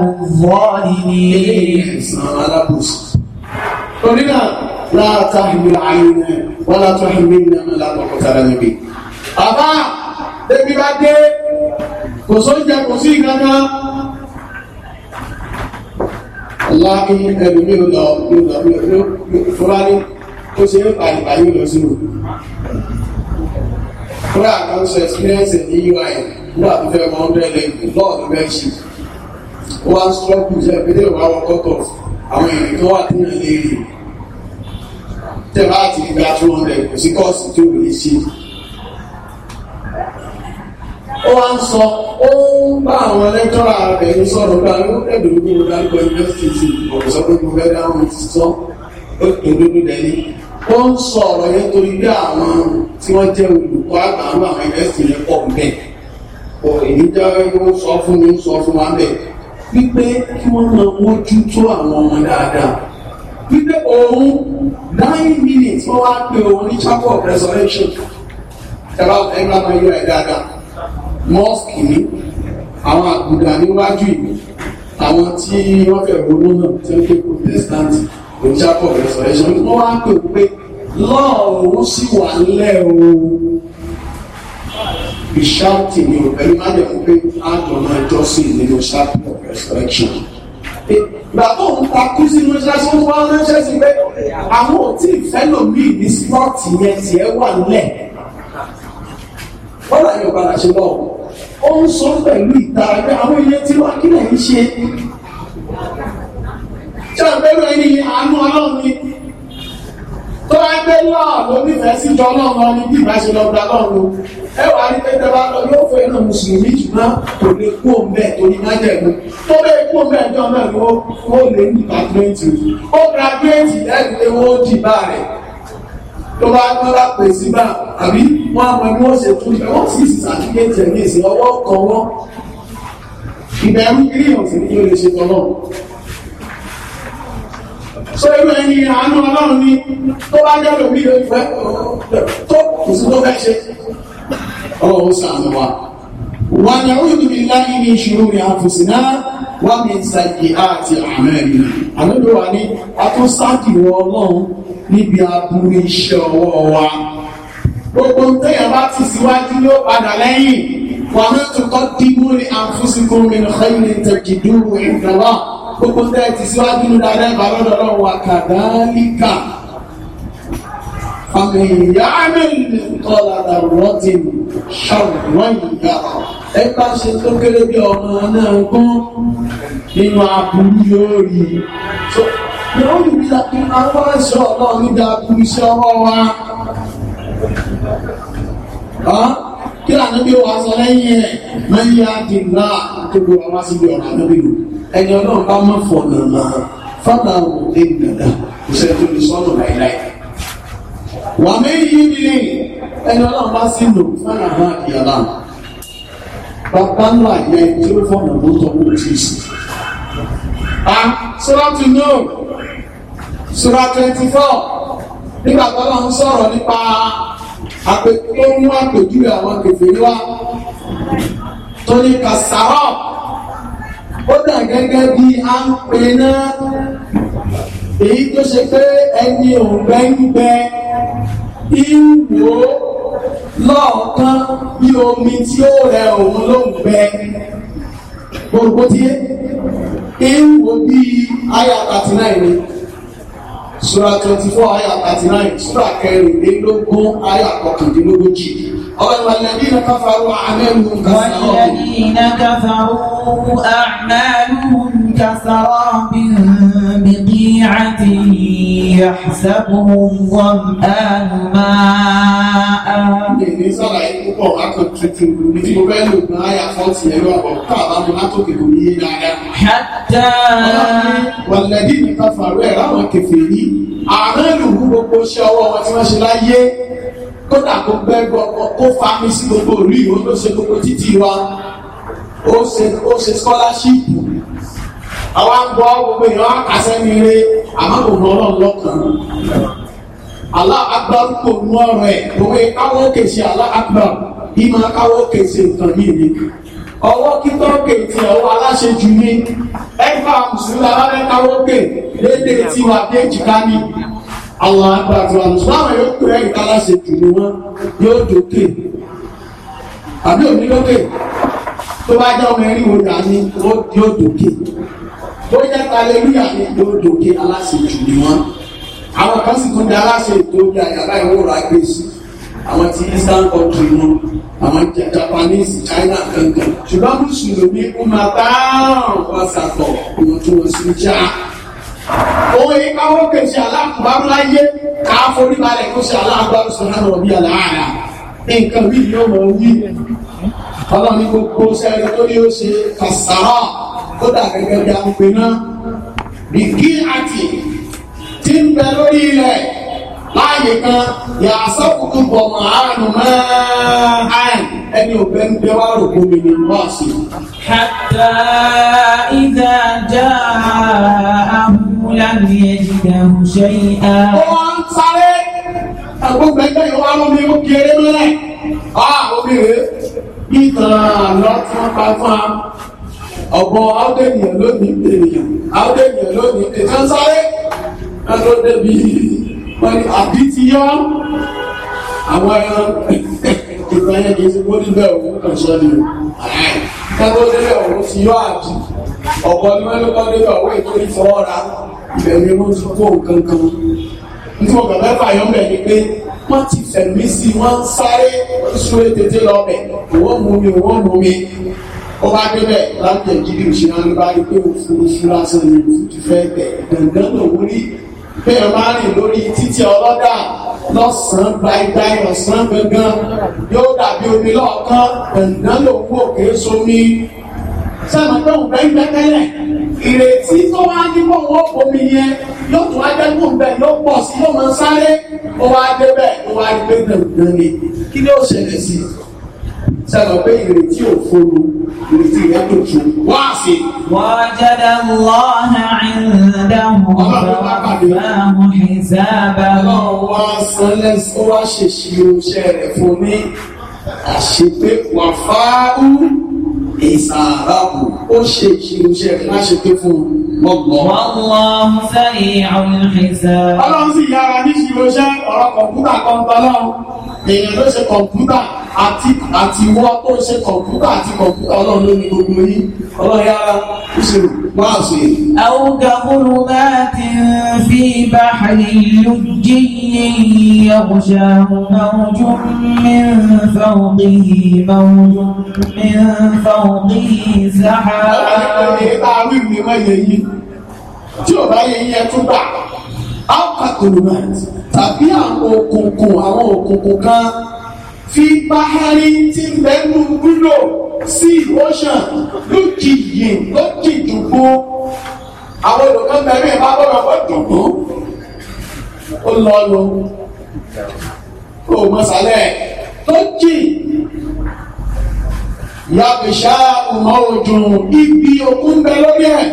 ọgbọni ni. eléyìí sàn alábòsí. torí náà láàtà ìwé àyẹ̀wò wọn látọ̀ ìwé ìnáwó lábàkọ̀ tara níbi. bàbá débi bá dé kò sóúnjẹ kò sí ìgbàgbọ́. láàkì ẹlòmíì ò lọ ò lọ fúlàní ó ṣe é bàyìí bàyìí lọ sínú kúrẹ́ àkànṣe experience ní UI nígbà tó fẹ́ one hundred level lord mercy wọ́n á struggle jẹ́ pété ìwà wọn kọ́kọ́ àwọn èèyàn tó wà tó yàn léèrè tẹ̀ bá ti gba two hundred kò sí kọ́ọ̀sì tó lè ṣe ó wá ń sọ ó ń bá àwọn lẹ́tọ́rà rẹ̀ ń sọ̀rọ̀ gba ló ẹ̀dùn ní mo dárúkọ yunifásitì ọ̀sọ́gbẹ́gbẹ́ dáhùn ti sọ ó tó dúdú dẹ́ni wọ́n ń sọ ọ̀rọ̀ yẹn torí bí àwọn tí wọ́n jẹ́ olùkọ́ àgbà àwọn àwọn ẹ̀sìn yẹn pọ̀ bẹ́ẹ̀ èyí wọ́n sọ fún mi sọ fún wa bẹ́ẹ̀ wípé kí wọ́n máa mójú àwọn ọmọ dáadáa wípé òun nine minutes wọ́n wá pé òun ní chapel of resurrection ẹ̀rọ ẹ̀rọ àwọn ẹ̀yọ ẹ̀ dáadáa mosque ní àwọn àgùdà níwájú ìlú àwọn tí wọ́n ronú òun jápọ̀ rẹ̀ sọ ẹ̀ṣọ́ ní wọ́n wá ń pè pé lọ́ọ̀rún sì wà nílẹ̀ o bíṣáàtì ni o pẹ̀lú má jẹ́ pé àjọ máa jọ́sìn nínú ṣáàtì of resurrection ìgbà tó ń ta kú sínú iṣẹ́ tó ń wá ránṣẹ́ sí pé àwọn ò tí ì fẹ́ lòmíì ní slọ́ọ̀tì yẹn tiẹ̀ wà nílẹ̀ wọ́n làyè ọ̀padà ṣe lọ́wọ́ ó ń sọ pẹ̀lú ìtara pé àwọn ilé tí wọ́n kí lẹ́yìn ṣe ṣàgbélò ẹni àánú ọlọ́run ni tó bá gbé lọ́ọ̀ ló nífẹ̀ẹ́ sí jọ náà lọ ní bí ìbáṣe lọ gba lọ́run o ẹ wà ní pé tẹ́lá lọ yóò fẹ́ náà mùsùlùmí jùlọ kò lè kú òǹbẹ̀ torí májẹ̀mú tó bẹ́ kú òǹbẹ̀ jọ náà ni ó lè ní gbàgbéǹtì ó gbàgbéǹtì lẹ́yìn pé wọ́n dìbà rẹ̀ tó bá tó bá pè sí bá àbí wọ́n á mọ bí wọ́n ṣe tún ìfẹ́ wọ́n sì sàkíyèsí ẹ̀mí ìsìn ọwọ́ kan wọ́n ìbẹ̀rù kiri ìhàn ní ilé ṣe so irú ẹni àánú ọlọ́run ni tó bá jẹ́ lómi ló fẹ́ tó kò sí tó fẹ́ ṣe ọlọ́run ó sàánú wa wà ní orílẹ̀ èdè láyé ní ìṣòro ní àfòsíná wà ní ìsàkì àti àmẹ́rin àlejò wa ní atúnṣàkìwọ ọlọ́run níbi aburú iṣẹ́ ọwọ́ wa gbogbo tẹ́yà bá ti síwájú ló padà lẹ́yìn wà ní tukọ́ dìbò ní àfòsíkún mi ní ọ̀hìn ní tẹ̀kìdúró ìdàlá gbogbo tẹ́ ẹ ti síwájú ní dáadáa ìgbà lọ́dọ̀ lọ́wọ́ wa kàdálíkà àmì ìyáàmìlì kọlà dàrúrọ́tì ṣàwùrán ìyá ẹ bá ṣe tó kéré bí ọmọ náà gún nínú aburú yóò rí yóò rí bí àwọn aṣọ ọlọ́run ní dáadáa iṣẹ́ ọwọ́ wa kí lànà bí wàá sọ lẹ́yìn ẹ̀ mẹ́yìn àdìlá tó gbọ́ wá síbi ọ̀rọ̀ àdébìlú ẹni ọlọ́run bá mọ̀ fọ̀nà mọ̀ fọ́nà òun lè gbàdá kò sẹ́ni tó lè sọ́nà láìláì. wà mí yí ni ẹni ọlọ́run bá sì lò fọ́nà àwọn àkìyàlá bàbá ńlá ìyá ẹni tó fọ̀nà ló tọ́ mú jésù. a sọ́dọ̀tì náà sura twenty four nígbà tó lọ́n sọ̀rọ̀ nípa àpètò ń wá pèjúwe àwọn kèfèrí wa tó ní kàsárọ̀ ó dà gẹ́gẹ́ bí à ń pè náà èyí tó ṣe pé ẹni òǹgbẹ́ ń gbẹ ìwò lọ́ọ̀kan bí omi tí ó rẹ òun ló ń gbẹ gbogbo tí ìwò bí aya thirty nine ni sura twenty four aya thirty nine sura kẹrìnlélógún aya kọkàndínlógójì. والذين كفروا أعمالهم والذين كفروا أعمالهم كسراب بقيعة يحسبه الظمآن ماء حتى والذين كفروا أعمالهم gbogbo ṣe ọwọ́ wọn tí kódà kó gbẹ́rú ọkọ kó fa mi sí gbogbo orí o ló ṣe gbogbo títí wa ó ṣe ó ṣe skọ́láṣípù àwa ń gbọ́ gbogbo èèyàn àkàṣẹ́ mi ré àmọ́ kò mọ ọlọ́run lọ́kàn aláàgbárù kò mú ọ̀rọ̀ ẹ̀ òwe káwọ́ òkè ṣe aláàgbárù bí máa káwọ́ òkè ṣe nǹkan yìí ni ọwọ́ kíkọ́ òkè ti ọwọ́ aláṣejù ni ẹ̀ka mùsùlùmí alábẹ́káwọ́ òkè léde tiwa dé jìkánì àwọn agbàdúrà mùsùlùmí yóò pè é ìtàláṣe jù ní wọn yóò dókè àbí òní lókè tó bá jẹ́ ọmọ ẹ̀rí òdà ni yóò dókè tó jẹ́ hallelujah ni yóò dókè aláṣẹ jù ní wọn àwọn kan sì tún di aláṣẹ tó di àyàbá ìwòrán gbèsè àwọn ti eastern country wọn àwọn japanese china kankan ṣùgbọ́n mùsùlùmí kú máa bá àwọn àṣàtọ̀ ìwọ̀ntúnwọ̀nsì já òun yìí ká wọ́n pèsè aláàkùbárú láyé ká forí balẹ̀ kó ṣe aláàkùbárú sọ̀rọ̀ rọ̀bí àlàáyà nǹkan bí yóò mọ̀ wí ọlọ́run ní gbogbo sẹ́rẹ̀ tó yóò ṣe kàṣàrà ó dà gẹ́gẹ́ bí a ń pè láàyè kan yàtọ̀ kúkú bọ̀ mọ́ àánú máa àìn ẹni ò bẹ́ẹ̀ ń bẹ́ wá rò kó lè wá sí. Hatta idha ja'ahu lam yajidhu shay'an. Ó wá ń sáré ẹgbẹ́ gbẹ́gbẹ́ ìwà lómi ó kéré lọ́lẹ̀. Á omi rè é ìtàn àlọ́ tí wọ́n lónìí ènìyàn áódènìyàn lónìí ènìyàn sáré. Ẹ ló wọ́n ní àbí ti yọ́ àwọn ẹran ìgbà yẹn kì í ṣe kó níbẹ̀ òun kàn ṣe ni kẹ́kọ̀ọ́ débẹ̀ òun ti yọ́ àbí ọ̀pọ̀ ní wọ́n ló kọ́ débẹ̀ òun ètò ìfọwọ́ra ìbẹ̀rù ló ti kó nǹkan kan nítorí ọ̀gá mẹ́fà yọ̀ mẹ́ ni pé wọ́n ti fẹ̀mí sí wọ́n sáré sórí tètè lọ́bẹ̀ òun mú mi òun mú mi ó bá débẹ̀ láti ẹ̀jídì òṣèlú bá rí pé òfurufú lásán ni òfurufú fẹ́ tẹ̀ dandan lòun rí pé o bá rìn lórí títí ọlọ́dà lọ́sàn-án gbaigbai ọ̀sán gangan yóò dàbí omi lọ́ọ̀kan gbọ̀ngàn ló kú òkè sómi sẹ́nu pé òun bẹ́ẹ̀ gbẹ́kẹ́lẹ̀ ìrètí tó wá ní kóun ó bomi yẹn yóò tún ajẹ́kùn bẹ́ẹ̀ yóò pọ̀ sí yóò máa sáré ó wá débẹ̀ ó wá gbé gbẹ̀ngàn ni kí ló ṣẹlẹ̀ sí i sẹ́nu pé ìrètí òfolu ìrètí rẹ̀ tó tu wá sí. wajada Allaha indahu ọ̀rọ̀ hisaba. ọlọ́run wá sọ́lẹ̀ ó wá ṣèṣì oṣẹ́ rẹ̀ fún mi àṣepé wà fáú ìsàràbù ó ṣe ìṣirò iṣẹ́ rẹ̀ láṣẹ pé fún ọgbọ̀n. wọ́n sẹ́yìn àwọn ìṣẹ́. ọlọ́run sì yára ní ìṣirò iṣẹ́ ọ̀rọ̀ kọ̀ǹpútà kan tọ́lọ́run èèyàn ló ṣe kọ̀ǹpútà àti àtiwọ́ tó ń ṣe kọ̀ǹpútà àti kọ̀ǹpútà ọlọ́run ló ní gbogbo yín ọlọ́run yára ó ṣe máa ṣe. àwùjọ búrú máa ti fi bá àyílú jíyẹ ọ̀ṣà mọ̀jú mẹ́fà òkè mọ̀jú mẹ́fà òkè sáà. ọlọ́run ní bá wí mi mọ́ yẹ yí tí ò bá yẹ yí ẹ tún gbà áwùkà kòlùmọ̀ tàbí àwọn òkùnkùn àwọn òkùnkùn kan fi báhárí tí lẹ́nu wúlò sí ocean lójijì lójijìgbó àwọn olùkọ́ mẹ́rin bá bọ̀rọ̀ bọ̀ dùnkú ó lọ lọ ó mọ̀sálẹ̀ lójì yàbìṣà ọmọ òjò ibi òkun bẹ lórí ẹ̀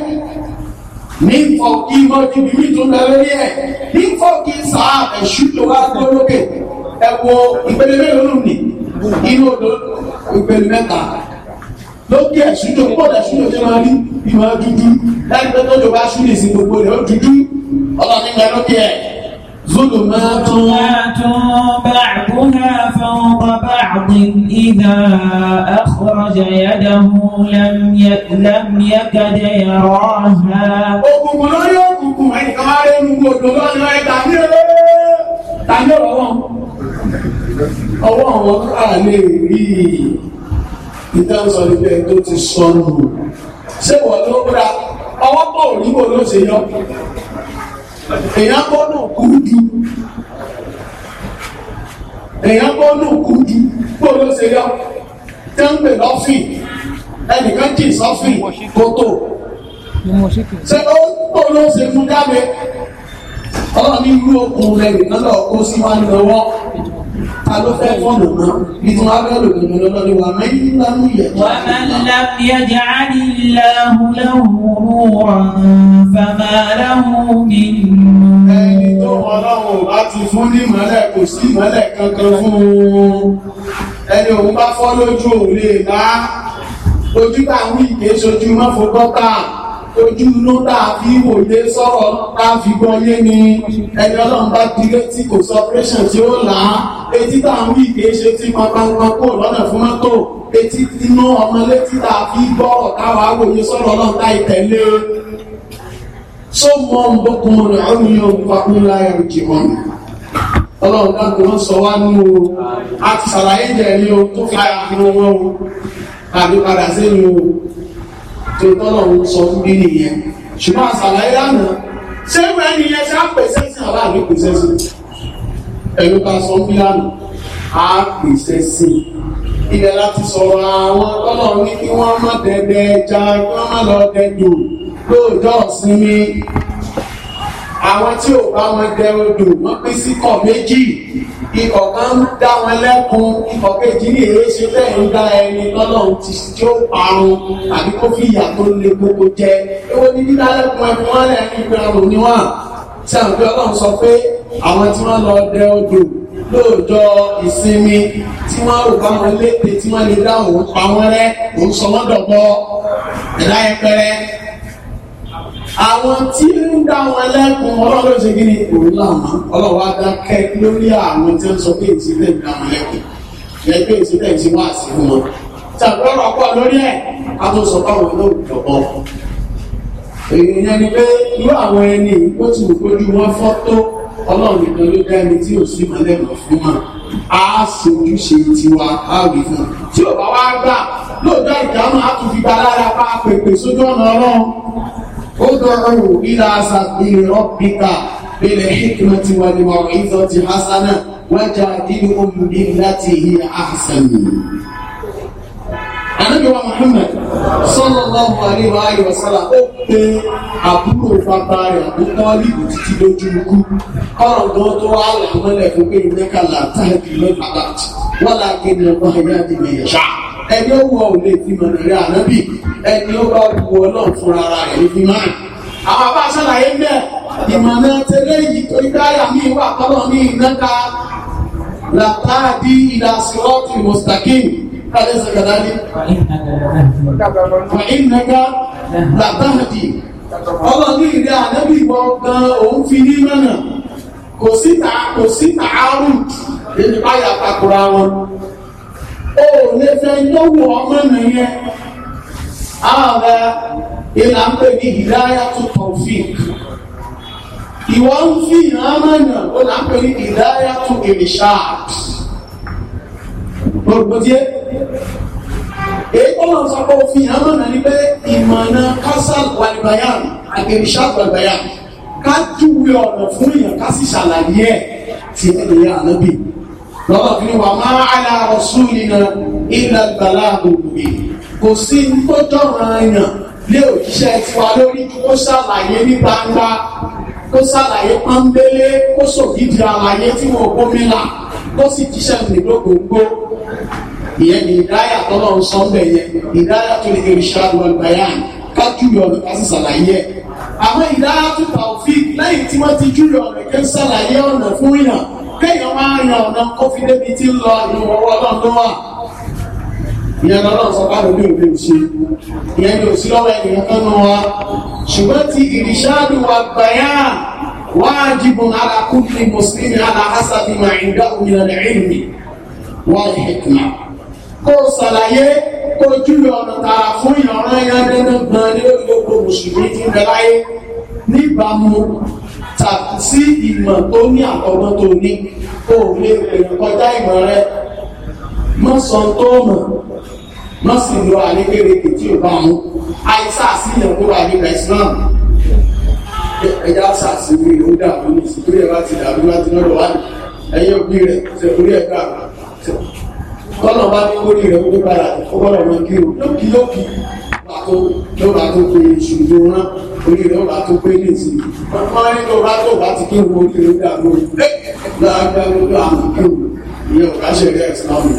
ní fọ́ọ̀kì mọ́ níbi mí tó bẹ lórí ẹ̀ ní fọ́ọ̀kì sáà ẹ̀ṣù tó wá gbọ́ lókè ẹ wo ìpele mélòó lù ní inú odò ìpele mẹ́ta lókè ẹ̀sùjò pọ̀ lẹ́sùjò tí máa rí ìmọ̀ dúdú láti pẹ́ tọ́jú bá lè sí gbogbo rẹ̀ ó dúdú ọlọ́ọ̀ni gbẹ lókè ẹ̀ ظلمات بعضها فوق بعض إذا أخرج يده لم لم يكد يراها òkùnkùn lórí òkùnkùn ẹnìkan máa ń mú gbòdò lọ́nà ẹ̀dá ní ẹ̀rọ tàbí ọ̀rọ̀ wọn ọwọ́ àwọn káà lè rí ìtànsọ ìfẹ́ tó ti sọnù ṣé wọ́n ló bra ọwọ́ pọ̀ òníwò ló ṣe yọ èèyàn gbọ́dọ̀ kú ju èèyàn gbọ́dọ̀ kú ju pọ̀ ló ṣe yọ tẹ́ǹpẹ̀ lọ́fìn ẹnìkan jì sọ́fìn kó tó ṣé ó pọ̀ ló ṣe fún dábẹ́ ọlọ́run ní irú okùn rẹ̀ nìkan lọ́ọ́ kó sí wá lọ́wọ́ ta ló fẹ́ fọ́ọ̀nù náà bí tí wọ́n á bẹ́ẹ̀ lò nínú lọ́dọ́ ni wàá mẹ́rin lánú yẹn. wà á máa ẹni òun bá fọ́ lójú òun lè bá ojú bá wí kìí sojú mọ́fọ́ ojú inú dáàfi wòye sọ̀rọ̀ dáàfi gbọ́yé ni ẹni ọlọ́run bá di létí kò sọ operation tí ó là á etí tá à ń wí kìí ṣe tí pàápàá kò lọ́nà fún mọ́tò etí inú ọmọ létí dáàfi gbọ́rọ̀ káwa wòye sọ̀rọ̀ ọlọ́run tá ìtẹ̀lé so mọ ń bọ́kùn rẹ̀ ọ̀run yóò papọ̀ láyà òjì wọn ọlọ́run dáàbò wọn sọ wá nínú o a ti ṣàlàyé jẹ́ ẹni o tó fi àyà fún wọn o àdúpadà sẹ́yìn o tó tọ́lọ̀ ń sọ ń bí nìyẹn ṣùgbọ́n àṣàlàyé lánàá ṣé ìwé ẹni yẹn ṣe á pèsè sí àbá àbí pèsè sí ẹ̀rù bá sọ ń bí lánàá á pèsè sí ilẹ̀ láti sọ̀rọ̀ àwọn tọ́lọ̀ ní kí wọ́n má dẹ́dẹ́ ẹja kí wọ́n má lọ dẹ́dùn lóòjọ́ ọ̀sìn mi àwọn tí ò bá wọn dẹ odò wọn pín sí kọ méjì ikọ̀ kan ń dá wọn lẹ́kun ikọ̀ kejì ní èrè ṣe bẹ́ẹ̀ ń dá ẹni lọ́lọ́run ti tí ó parun àbí kó fi ìyà tó le gbogbo jẹ èwo ni dídá lẹ́kun ẹni wọn lẹ́ ní ìgbéyàwó ni wọn tí àwọn ìgbé ọlọ́run sọ pé àwọn tí wọ́n lọ dẹ odò lóòjọ́ ìsinmi tí wọ́n rò bá wọn léde tí wọ́n lè dá òun pa wọ́n rẹ́ òun sọ wọ́n dọ̀bọ ẹ̀dá ẹpẹrẹ àwọn tí ń dá wọn lẹ́kun ọlọ́run ṣe kí ni òun làwọn ọlọ́run á dákẹ́ lórí àwọn tí ń sọ pé èsì lè dá wọn lẹ́kun ìyẹn pé èsì lè ti wá sí wọn ṣàpẹrọ pọ̀ lórí ẹ̀ a tó sọ báwọn náà jọ̀bọ èèyàn ni pé irú àwọn ẹni ó ti wù kójú wọn fọ́ tó ọlọ́run nìkan ló dá ẹni tí ò sí mọ́lẹ́mọ̀ fún wọn á ṣojúṣe tiwa á rí fún un tí ò bá wá gbà lóòótọ́ ìdáhùn á tún fi gba lára bá pèpè sójú ọ̀nà ọlọ́run ادعوا إلى سبيل ربك بالحكمة والموعظة حسنة وجادلهم بالتي هي أحسن Ànábì wa Muhammad sallallahu alaihi wa alihi wa sallam ó pe àbúrò bàbá rẹ̀ àbúkọ́ líbù títí lójú ikú ọ̀rọ̀ gan tó wà láwọn ẹ̀fọ́ pé ìrẹ́kàlà táàbì lọ́pàá wọ́n láàkiri ọgbọ́n ẹ̀yà ìgbìyànjú ẹni ó wọ òun lè fi mọ̀nà rẹ ànábì ẹni ó bá wù ọ náà fúnra ara rẹ̀ fi máa àwọn bá ṣàlàyé ń bẹ̀ ìmọ̀nà tẹ́lẹ̀ yìí tó ibrahima mi wà kọ́lọ̀ ní ìnáka látàdí ìdásílọ́ọ̀tì mustaqim kálẹ̀ sàkàdálí. ìnáka látàdí ọlọ́ọ̀ní ìrẹ́ ànábì wọ gan òun fi ní mọ̀nà kò síta kò síta àrùn èyí báyà takura wọn o ò lè fẹ́ tó wù ọmọ nìyẹn ààrẹ ìlà ń pè ní ìdáyà tó tọ̀fíìk ìwọ ń fi ìrànmọ́nà ó là ń pè ní ìdáyà tó ìrìṣàt gbogbogbòdìé èyí tó lọ sọ pé òfin ìrànmọ́nà ni pé ìmọ̀nà kásán wàlìbáyàn àti ìrìṣàt wàlìbáyàn ká júwe ọ̀nà fún èèyàn ká sì ṣàlàyé ẹ̀ tí ènìyàn ànábì lọ́wọ́ kí wà máa ala rasulina illa al-balaghu mubin kò sí tó jọ̀ràn èèyàn lé òjíṣẹ́ tiwa lórí kó ṣàlàyé ní gbangba kó ṣàlàyé pọ́nbélé kó sògidì àlàyé tí wọn ò gómi là kó sì jíṣẹ́ nìdógóńgó ìyẹn ní ìdáyà tọ́lọ́ ń sọ bẹ̀ yẹn ìdáyà tó lè irshad wal bayan kájú yọ̀nù ká sì ṣàlàyé àwọn ìdáyà tó tàwọ́fì lẹ́yìn tí wọ́n ti jú yọ̀nù kí ń ọ̀nà fún yàn kéèyàn máa ń yan ọ̀nà kó fi débi tí ń lọ àrùn ọwọ́ náà tó wà ìyẹn lọ́nà sọ báwo ní òde ìṣe ìyẹn ní òsí lọ́wọ́ ènìyàn kan nù wa ṣùgbọ́n ti ìrìṣàlù wa gbàyà wajibun ala kulli muslimi ala hasabi ma indahu min al-ilmi wal hikma kó ṣàlàyé kó júwe ọ̀nà tààrà fún ìyọ̀ràn ẹ̀yà dandan gan ní lórí gbogbo tàbí sí ìmọ̀ tó ní àkọ́gbọ́n tó ní kó o lè pèèyàn kọjá ìmọ̀ rẹ mọ́ sọ tó mọ̀ mọ́ sì lọ àlékèrèkè tí ò bá mú àìsà síyàn tó wà nípa Islam ẹja sàṣìwé ó dàbí ní ìsìnkú ẹ̀ láti dàbí láti lọ́dọ̀ wá ní ẹ̀yẹ́ òbí rẹ̀ ṣẹ̀kúrí ẹ̀ gbà tọ́nà bá ní kórì rẹ̀ ó gbára ó gbọ́dọ̀ mọ́ kí o lókìlókì pàtó ló bá tó pe ìṣùgbọ́n náà orí rẹ̀ ọ̀rá tó pé ní ìsìn ọmọ nínú ọ̀rá tó bá ti kí n wo orí rẹ̀ dà lórí rẹ̀ láàgbá lórí àmì kí n ìyẹn ọ̀rá ṣẹlẹ̀ ìsìlámù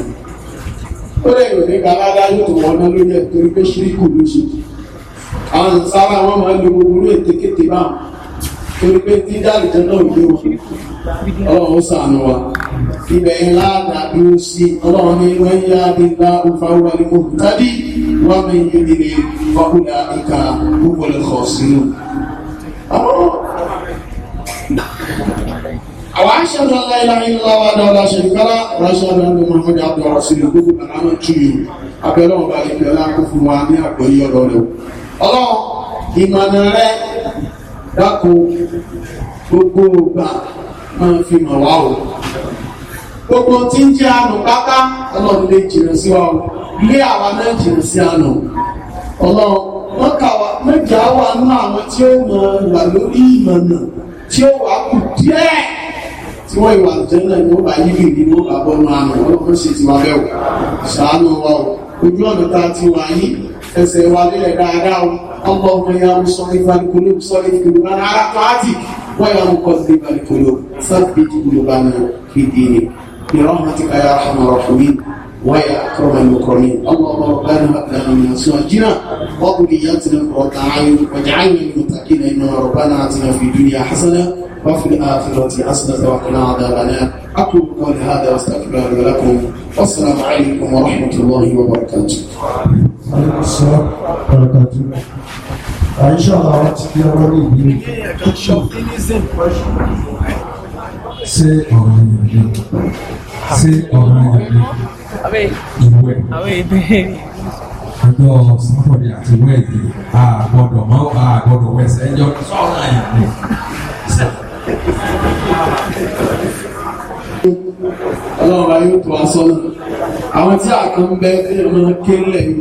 ó lè rò ní galada yóò tó wọn náà lórí ẹ̀ torí pé ṣírí ló ṣe àwọn sára wọn máa ń lo gbogbo ètekéte báwọn torí pé tí dáàlì jẹ́ náà yóò ọlọ́run ó sànù wa ibẹ̀ ńlá dàbí ó sí ọlọ́run ní wọ́n yá bí ńlá òfàwọ́ ní òkú tàbí wọ́n mi yóò nílé ọkùnrin àìkà púpọ̀ lẹ́kọ̀ọ́ sínú. àwọn aṣẹ́dọ̀ aláìláìláwà dáadáa ṣe kára ránṣẹ́dọ̀ ẹni mọ̀mọ́dé àbúrò sílẹ̀ gbogbo àmọ́ túyù abẹ́lọ́wọ́ bá ìpẹ́lá kó fún wa ní àgbẹ̀yọ́ lọ́rẹ̀ ọlọ́run ìmọ̀nà rẹ̀ dákò gbogbo ògbà máa fi mọ̀ wá o gbogbo tí ń jẹ́ àánú pátá ọlọ́run lè jìnà sí wa o lé àwa náà jìnà sí àánú ọlọ́run mẹ́jà wà nú àwọn tí ó mọ̀ wà lórí ìmọ̀nà tí ó wà kù díẹ̀ tí wọ́n ìwà àjẹ́nà ni ó bá yíbi ní ó bá bọ́nu àná ọlọ́run sì ti wá bẹ́ẹ̀ wò ṣàánú wa o ojú ọ̀nà tá a ti wá yìí ẹsẹ̀ wa nílẹ̀ dáadáa o ọlọ́run ya mú sọ nípa ìkúlù sọ nípa ìkúlù náà ara tó á ti wọ́n ya mú kọ́ sí nípa ìkúlù sábì ìkúlù bá mi fìdí ni برحمتك يا ارحم الراحمين ويا اكرم المكرمين اللهم ربنا هب لنا من ازواجنا وذرياتنا قرة اعين واجعلنا للمتقين انما ربنا اتنا في الدنيا حسنه وفي الآخرة حسنة وقنا عذاب النار أقول قولي هذا واستغفر لكم والسلام عليكم ورحمة الله وبركاته. عليكم السلام وبركاته. إن شاء الله وقت في أولي ṣé ọ̀ràn ọlọ́run ayé tó àwọn tí a kàn bẹ ọmọ ń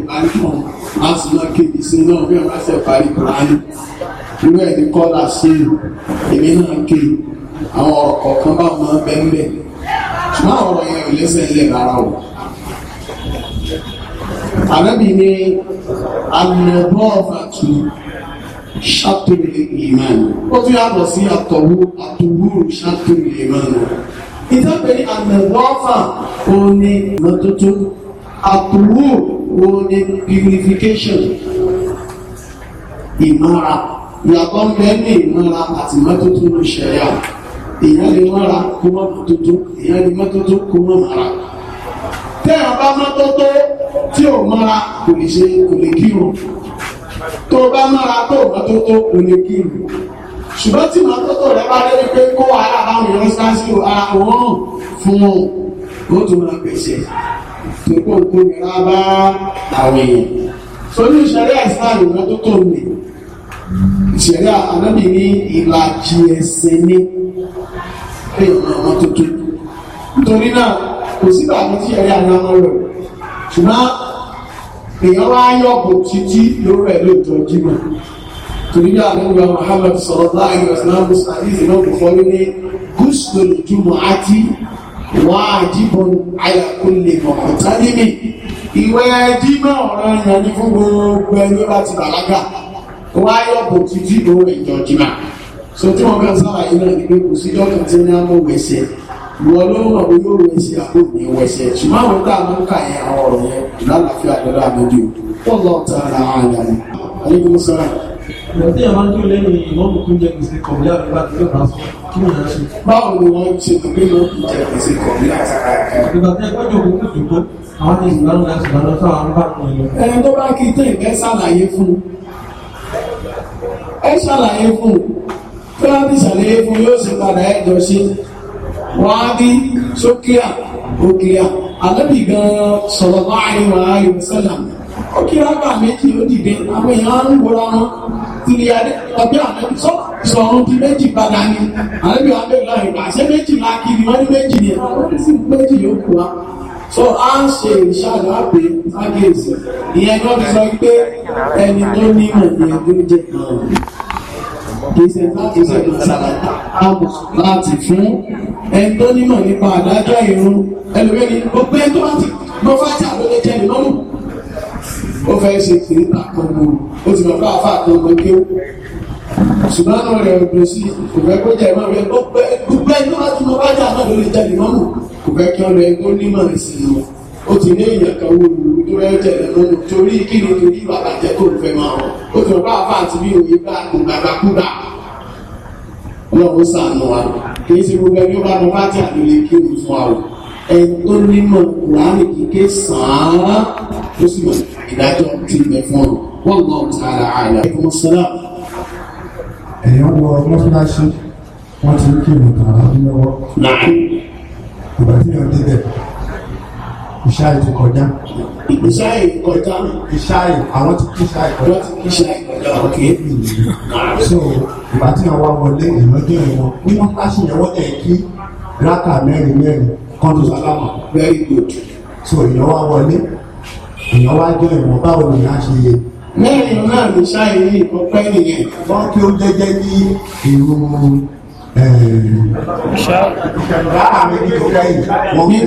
tàn sì máa kéde sí náà bí ọmọ ṣe parí kùránì irú ẹ̀ ní sí èmi náà kéde àwọn ọ̀rọ̀ kọ̀ọ̀kan bá wọn bẹ́ẹ̀ ṣùgbọ́n àwọn ọ̀rọ̀ yẹn ò lẹ́sẹ̀ ńlẹ̀ rárá ṣàtúnlẹ̀ ìmánu ó tún yàtọ̀ sí àtọ̀wú àtọ̀wúrù ṣàtúnlẹ̀ the ìtọ́pẹ̀ ní àmẹ̀wọ́fà òun ni mọ́tótó àtọ̀wú òun ni purification ìmọ́ra ìyàtọ̀ ń bẹ ní ìmọ́ra àti mọ́tótó ló ṣẹ̀yà èèyàn lè mọ́ra kó mọ́ mọ́tótó èèyàn lè mọ́tótó kó mọ́ Matutu. tẹ́ ọ̀bá mọ́tótó tí ò mọ́ra kò lè Mara. kò lè kírun tó bá mára tó mọ́tótó kò lè kí n ṣùgbọ́n tí mọ́tótó rẹ bá dé pé kó wàhálà báwọn èèyàn sáṣí ara wọn fún un ó tún máa pèsè tó kó ń kó nira bá àwọn èèyàn sórí ìṣẹ̀lẹ̀ ìsáàlì mọ́tótó mi ìṣẹ̀lẹ̀ ànábì ní ìlàjì ẹ̀sìn ní pé ọ̀nà mọ́tótó nítorí náà kò sígbà tí ẹ̀rí àwọn ọmọ rẹ̀ ṣùgbọ́n èèyàn wá yọ̀bù títí lórí ẹ̀ lóòótọ́ jìnnà torí bí àdúgbò Muhammad sallallahu alaihi wasallam sàdíìsì náà kò fọ́lé ní gúúsùlù jùmọ̀ àti wájibun ala kulli mu'talim ìwẹ̀ jìnnà ọ̀rọ̀ yẹn ní fún gbogbo ẹni láti bàlágà wá yọ̀bù títí lórí ìjọ jìnnà so tí wọ́n kàn sára yìí náà ní pé kò sí dọ́kítà tí wọ́n á mọ̀ wẹ̀sẹ̀ wọn ló mọ̀ bí yóò wẹ̀ sí àbò ní wẹ̀sẹ̀ ṣùgbọ́n àwọn tá a mọ̀ ká yẹn àwọn ọ̀rọ̀ yẹn lálàáfíà lọ́dọ̀ àmọ́jú wọ́n lọ ta ara àwọn àyà rẹ̀ alẹ́kùn sọ́ra. ìrọ̀tí àwọn tó lẹ́nu ìmọ̀mù tó jẹ gbèsè kọ̀ọ̀lá àbúrò àti fẹ́ràn sọ kí wọ́n yà ṣe. báwo ni wọ́n ṣe tó bí wọ́n jẹ gbèsè kọ̀ọ̀lá àtàrà ẹ̀. ìgbà tí ẹgbẹ́ jòkó kò jòkó àwọn ti ìgbàlódé àti ìgbàlódé àwọn bá wọn lọ. ẹni tó bá kí tẹ́ ìfẹ́ sàlàyé fún ẹ sàlàyé fún fẹ́ràn ti sàlàyé wáábí sókíà òkèà alábì gan sọ̀rọ̀ láàrin wàá yorùsẹ́là ó kí rágbà méjì ó dìde àwọn èèyàn ń wọra wọn ilé adé ọjọ́ àdébí sọ̀rọ̀ di méjì padà ni àdébí wàá bẹ̀rẹ̀ láàrin wàá ṣe méjì láàkiri wọ́n ní méjì ni àwọn oníṣìí méjì yóò kú wa so a ń ṣe ìṣàlọ́ àpè ágẹ́sì ìyẹn lọ́dún sọ pé ẹni tó ní mọ̀ ní ẹgbẹ́ jẹ́ kan kìíṣe kìíṣe tó ṣàlàyé àbọ̀ láti fún ẹni tó nímọ̀ nípa àdájọ́ ìrun ẹlòmíì gbogbo ẹni tó bá ti gbọ́ fájà ló lè jẹ́ ìlọ́mù ó fẹ́ ṣe kìrìtà kan gbòòrò ó ti lọ fún àfáà kan kí ó ṣùgbọ́n àwọn rẹ̀ ọ̀dọ̀ sí kò fẹ́ kó jẹ́ ìmọ̀ rẹ̀ gbogbo ẹni tó bá ti mọ fájà náà ló lè jẹ́ ìlọ́mù kò fẹ́ kí ọ ó ti ní èèyàn kan wo òwú tó rẹ́ jẹ̀ lẹ́nu torí kí ni torí ìwà bàjẹ́ tó ń fẹ́ máa hàn ó ti rọ̀ bá àfa àti bí òye bá kò gbàgbàkúgbà ọlọ́run sànù wa kì í ṣe gbogbo ẹni ó bá lọ bá ti àdúlé kí o fún wa o ẹni tó nímọ̀ kùránì kíké sàn án ó sì mọ̀ ìdájọ́ ti bẹ̀ fún ọ wọ́n lọ tààrà àyà ẹ̀kọ́ sọ́lá. ẹ̀yàn wọ mọ́ṣáláṣí wọ́n ti ń kí ìmọ̀tàn àbí lọ́wọ́. ìgbà tí yóò débẹ̀ ìṣáì ti kọjá. ìṣáì kọjá. ìṣáì àwọn ti kí ìṣáì kọjá. wọ́n ti kí ìṣáì kọjá òkè. so ìgbà tí àwọn wọlé ìrọ́jọ́ ìwọ̀n ní wọ́n káṣí yẹn wọ́n tẹ̀ kí rákà mẹ́rin mẹ́rin kan tó sálámà. very good. so èèyàn wá wọlé èèyàn wá jọ ìwọ̀n báwo ni a ṣe yẹ. mẹ́rin náà ló ṣáì ní ìkọ́pẹ́ nìyẹn. wọ́n kí ó jẹ́jẹ́ ní ìrù nínú ìṣá nínú nínú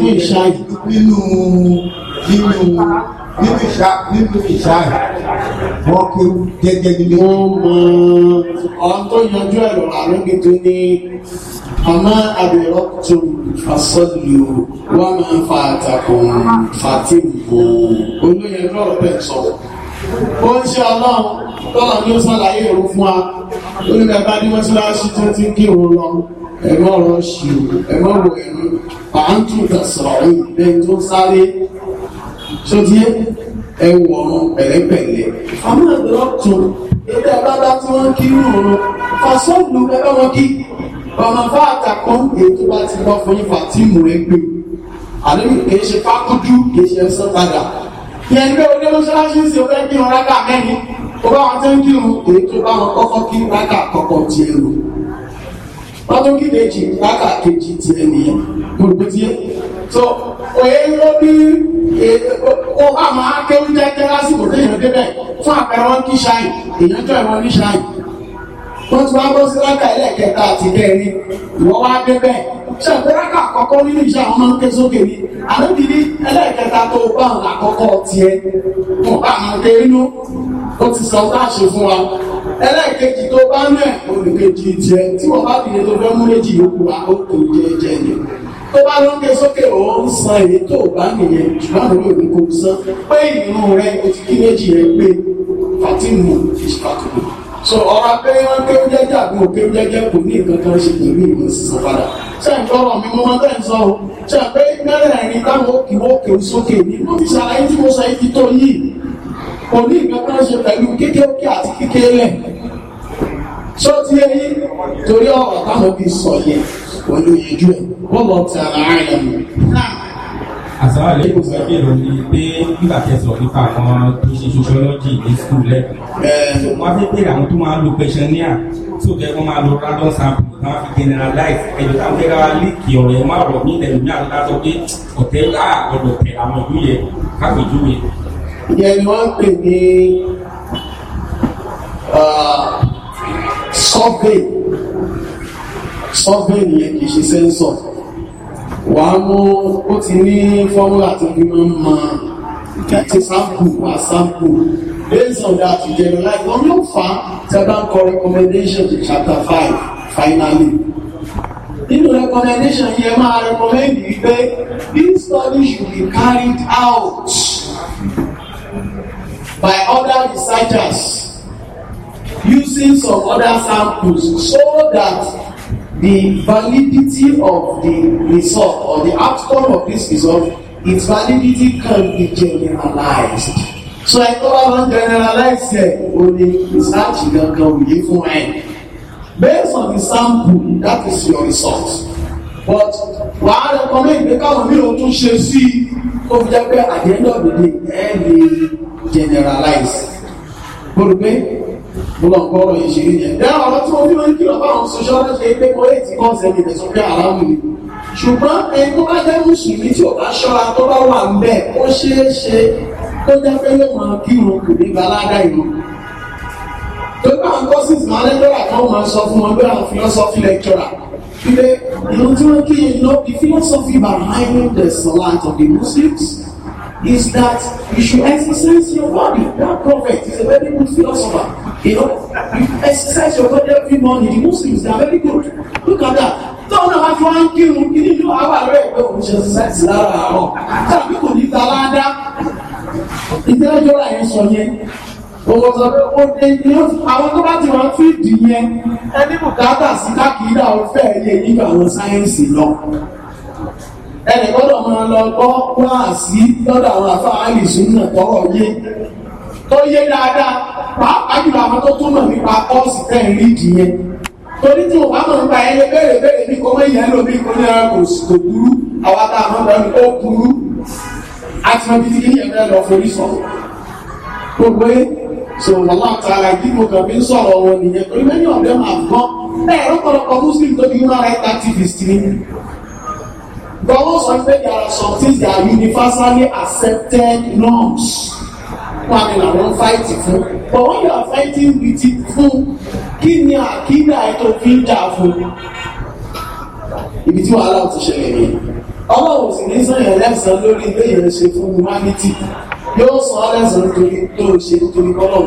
nínú ìṣá nínú ìṣá wọ́n kí gẹ́gẹ́ nílé. wọ́n mọ ọ̀hún tó yanjú ẹ̀rọ àrùn gidi ní ọmọ àbẹ̀rọ̀ tó fàṣọ́lù wọ́n máa ń fa àtàkùn fàtìmù olóyè lọ́rọ̀ bẹ́ẹ̀ sọ̀rọ̀ ó ṣe ọlọ́run tọ́lọ̀ ní ó sàlàyé èrò fún wa lórí bàbá ní mọ́ṣáláṣí tó ti ń kírun lọ ẹ̀mọ́ ọ̀rọ̀ ṣì ẹ̀mọ́ wò ẹ̀mí pàǹtù tẹ̀sọ̀rọ̀ lẹ́yìn tó sáré tó ti ẹwọ̀ ọ̀run pẹ̀lẹ́pẹ̀lẹ́ àmọ́ ẹ̀dọ́ tó ilé ẹ̀bá yẹn ní ọdún mọ́ṣáláṣí ń ṣe ó fẹ́ kí wọn rákà mẹ́rin ó bá wọn tó ń kírun èyí tó bá wọn kọ́kọ́ kí rákà kọ́kọ́ ti ẹrù wọn tó kí kejì rákà kejì ti ẹnìyẹn gbogbo tiẹ so òye ló bí ó e, bá máa kéwú jẹjẹ lásìkò téèyàn débẹ̀ fún àpẹẹrẹ wọn kí ṣáì èèyàn jọ ìwọn ní ṣáì wọn ti wá bọ́ sí rákà ẹlẹ́kẹta àti kẹrin ìwọ wá débẹ̀ ṣe ìpẹ́rẹ́kà àkọ́kọ́ nínú iṣẹ́ àwọn máa ń ké sókè ní àlóbi ní ẹlẹ́ẹ̀kẹta tó bá ọ̀nà àkọ́kọ́ tiẹ̀ tó bá àwọn ké inú ó ti sọ bá ṣe fún wa ẹlẹ́ẹ̀kejì tó bá ń rẹ̀ olùkejì tiẹ̀ tí wọ́n bá bìyẹn tó fẹ́ mú méjì yòókù wa ó kò jẹ́ jẹ́ ni tó bá ló ń ké sókè ó ń san èyí tó bá nìyẹn ṣùgbọ́n àwọn olùkejì kò san pé ìrún rẹ o ti kí méjì rẹ pé fatimu ìṣàkóso so ọ̀rọ̀ pé wọ́n pé ó jẹ́jẹ́ àbí ò pé ó jẹ́jẹ́ kò ní nǹkan kan ṣe pẹ̀lú ìmọ̀ sísan padà ṣé ń tọrọ mi mo máa bẹ́ẹ̀ sọ o ṣé ń pé mẹ́rẹ̀ẹ̀rin táwọn òkè òkè sókè ní mo ti ṣàlàyé tí mo sọ ibi tó yìí kò ní nǹkan kan ṣe pẹ̀lú kékeré àti kékeré ṣó ti yẹ yí torí ọ̀rọ̀ táwọn bí sọ yẹ pẹ̀lú ìjú ẹ̀ wọ́n lọ tẹ̀ ara náà àsàrà lẹ́kọ̀ọ́ fẹ́ bèrè ní pé nígbà tí ẹ sọ̀rọ̀ nípa àwọn tó ṣe sociology ní school lẹ́kọ̀ọ́ wọ́n fẹ́ bèrè àwọn tó máa ń lo questionnaire tó kẹ́ wọ́n máa lo random sample máa fi generalize ẹ̀jọ̀ táwọn fẹ́ ra líìkì ọ̀rọ̀ ẹ̀ máa rọ̀ ní ilẹ̀ ìlú àti láti sọ pé ọ̀tẹ̀ láàgbọ̀dọ̀ tẹ̀ àwọn ìlú yẹn kápẹ̀júwe. ìyẹn ni wọ́n ń pè wà á mú ó ti ní fọ́múlà tó fi máa ń ma ti sample wà sample based on that you get like wọn yóò fa seven core recommendation to chapter five finally nínú recommendation yẹn máa recommend yìí pé this study should be carried out by other researchers using some other samples so that the validity of the result or the outcome of this result its validity can be generalized so I tó bá wọn generalize ẹ o ní research kankan ò yé fún ẹ based on the sample that is your result but wàá recommend pé káwọn mi ò tún ṣe sí i ó fi jẹ́ pé at the end of the day ẹ lè generalize. Gbọ́dọ̀ pé ọlọ́pọ̀ọ́rọ̀ yìí ṣe rí jẹ́. Dẹ́ tí wọ́n fi máa ń kìlọ̀ báwọn sọ́ṣọ́rọ́ ṣe pé kò lè ti kọ́ sẹ́mi ẹ̀sùn pé àrámù ni. Ṣùgbọ́n ẹni tó bá jẹ́ Mùsùlùmí tí ò bá tó bá wà ń bẹ̀, ó ṣeé ṣe tó jẹ́ pé yóò máa kírun kò ní gba aládá ìlú. Tó bá ń kọ́ sí ìsìn alẹ́gbẹ́rà kan máa sọ fún wọn pé àwọn philosophy lecturer. Ilé ìlú tí wọ́n kí yín lọ, the philosophy behind the salat of the Muslims is that you should exercise your body. That prophet is a very good philosopher. You know, you exercise your body every morning. The Muslims, they are very good. Look at that. Don't know Tọ́wọ́n náà wá fi wá ń kírun kí nínú àwọn àárẹ̀ you òun ṣe ṣẹ́ẹ̀sì lára àárọ̀. Tàbí kò ní taládá. Ìtẹ́lẹ́jọ́ là yẹn sọ yẹn. Òwò sọ pé ó dé ní àwọn tó bá ti wọ́n fi dì yẹn. Ẹni bùkátà sí káàkiri àwọn fẹ́ ẹ̀yẹ nígbà àwọn sáyẹ́ǹsì lọ. Ẹnì gbọ́dọ̀ máa lọ gbọ́ wáàsí lọ́dọ̀ àwọn àfáà àìsùn náà tọ́rọ̀ yé. Tó yé dáadáa pàápàá jùlọ àwọn tó túmọ̀ nípa kọ́ọ̀sì tẹ́ rí ìdíyẹn torí tí òun bá nípa ẹyẹ béèrè béèrè ní kọ́mọ ìyẹn lómi kò ní ẹran kò sì tó burú àwa tá a mọ̀ lọ́nu ó burú àti wọn bíi kíni ẹ̀rẹ́ lọ forí sọ gbogbo ẹ sọ wàhálà tààrà ìdí mo kàn fi ń sọ̀rọ̀ wọn nìyẹn torí many of them have gone bẹ́ẹ̀ lọ́pọ̀lọpọ̀ muslim tó di human rights activist ni gbọ́wọ́ there are some things that are universally accepted norms. kwamina làwọn fáìtì fún but when you are fighting with it fún kí fi ń dà ibi ti ṣẹlẹ̀ yẹn ọlọ́run sì ní sàn yẹn lẹ́sàn-án lórí ilé yẹn ṣe fún humanity yóò sàn án lẹ́sàn-án nítorí tó o ṣe nítorí kọ́lọ̀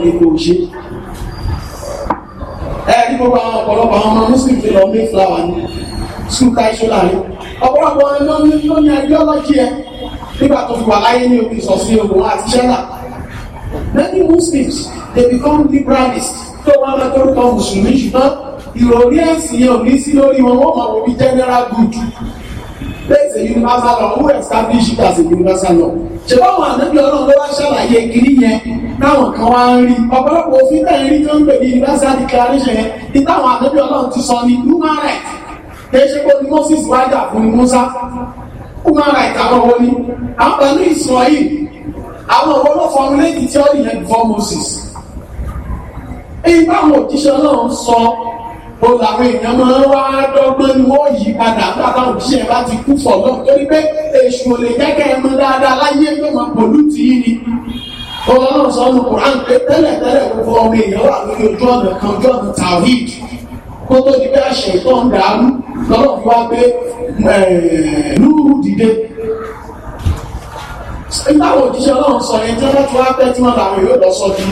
gbogbo muslim fi lọ mí flower ní ṣùkà ìṣọ́lá yìí ọ̀pọ̀lọpọ̀ ẹni ló ní ẹ nígbà tó fi wà láyé many muslims they become liberalist tó wọn máa tó kọ mùsùlùmí ṣùgbọ́n ìròrí ẹ̀sìn yẹn ò ní sí lórí wọn wọ́n máa wọ bí general good place a universal law who establish it as a universal law ṣe báwọn ànábì ọlọ́run ló wá ṣàlàyé kiri yẹn táwọn kan wá ń rí ọ̀pọ̀lọpọ̀ òfin náà rí tó ń pè ní universal declaration yẹn ní táwọn ànábì ọlọ́run ti sọ ní human right kì í ṣe kó ní Moses wájà fún ní Musa human right àwọn wo ni àwọn pẹ̀lú Israel àwọn ọ̀pọ̀ ló formulate the theory yẹn before Moses èyí báwọn òjíṣẹ́ náà ń sọ o làwọn èèyàn máa ń wá dọ́gbọ́n ni wọ́n yí padà nígbà táwọn òjíṣẹ́ yẹn bá ti kú fọ̀ náà torí pé èṣù ò lè jẹ́kẹ́ ẹ mọ dáadáa láyé yóò máa pọ̀lú tì í ni ọmọ náà sọ ọ́nù Kùránì pé tẹ́lẹ̀ tẹ́lẹ̀ gbogbo ọmọ èèyàn wà lórí ojú ọ̀nà kan ojú ọ̀nà tawhid kó tó di bí àṣẹ ìtọ́ ń dàrú lọ́nà fún wa pé lúrú dìde ìtàwọn òjíṣẹ́ ọlọ́run sọ yẹn tí wọ́n tún wá pẹ́ tí wọ́n làwọn yóò lọ sọ ju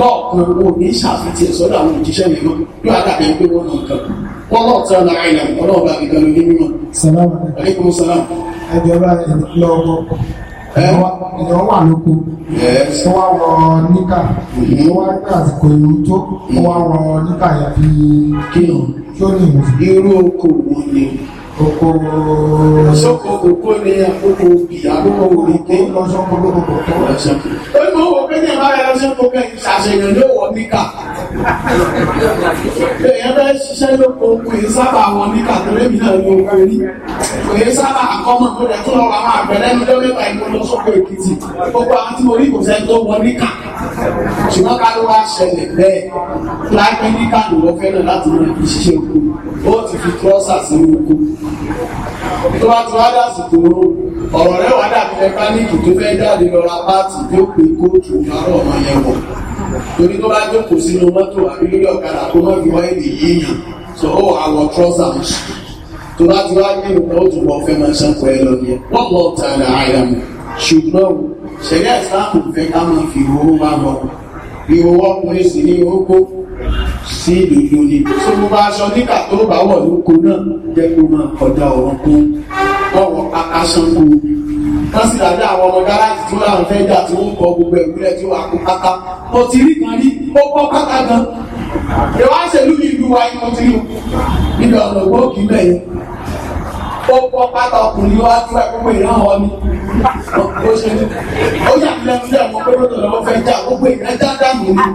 lọ́ọ̀kan owó ní ìṣàfihàn ẹ̀ sọ́dọ̀ àwọn òjíṣẹ́ yẹn mọ́ yóò àdàbí pé wọ́n nà kan wọ́n lọ́ọ̀ tẹ́ ọ̀nà àìlà ọlọ́ọ̀ bá mi ganan ní mímọ́. salaam aleykum salaam. ẹjọba ìlọgbọ ìyọ wà lóko ó wá wọ níkà ó mm-hmm. wá ní àsìkò ìlú tó ó wá mm-hmm. wọ níkà yàtí kí ni ó ní ìmọ̀. irú oko wo ni Oko sọ́kò ni àkókò ìyá àkókò òrìké lọ́sọ́kò lókòkò tó lọ́sọ́kò. Ó ní owó pé ní ìbára lọ́sọ́kò kẹ́yìn ṣàṣeyàn ló wọ̀ níkà. Èèyàn bẹ́ẹ̀ ṣiṣẹ́ lóko kò yẹ sábà wọ níkà torí èmi náà ló kọ rí. Kò yẹ sábà àkọ́mọ̀ tó lẹ̀ tó lọ àwọn àgbẹ̀rẹ́ mi lọ́mẹ́ta ìkó lọ́sọ́kò Èkìtì. Gbogbo àwọn tí mo rí kò sẹ́ni tó wọ níkà. Ṣùgbọ́n ká ló wá ṣẹlẹ̀ bẹ́ẹ̀. Láìpẹ́ níkà ló lọ fẹ́ràn láti máa fi òkú bọ́ọ̀ ti fi kírọ́sà sí orúkú tó bá tún wá dásìkò ọ̀rọ̀ rẹ̀ wá dàbí mẹkáníìkì tó fẹ́ jáde lọ́ra pààtì tó pe kóòtù ìfarọ̀ ọmọ yẹn wọ̀ torí tó bá jókòó sínú mọ́tò àbí lórí ọ̀kadà tó mọ́ fi wáyé lè yíyàn so ó wà wọ trọ́sà ń ṣe tó bá ti wá ní ìrùnà ó tún bọ́ fẹ́ máa ṣàkó ẹ lọ ní ẹ wọ́n lọ tààrà àyàmù ṣùgbọ́n ṣẹ̀dá ìsáàmù fẹ́ ká máa fi owó máa lọ ìwò ọkùnrin sì ni ó kó sí ìlú ni tí mo bá aṣọ níkà tó bá wọ̀ lóko náà jẹ́ kó máa kọjá ọ̀rọ̀ kún ọ̀rọ̀ aṣọ́kù wọ́n sì dàbí àwọn ọmọ gáràjì tó láwọn fẹ́ jà tí wọ́n kọ gbogbo ẹ̀kúnlẹ̀ tí wọ́n kó pátá mo ti rí kan rí ó pọ́ pátá gan ìwà ṣèlú mi ìlú wa ni mo ti rí nígbà ọ̀nà ó pọ́ pátá ọkùnrin wá tí wọ́n pé ìran wọn ni ó ṣe ní ó yà lẹ́nu lẹ́nu mọ́ pé lóòótọ́ lọ́wọ́ fẹ́ já gbogbo ìran já dànù ni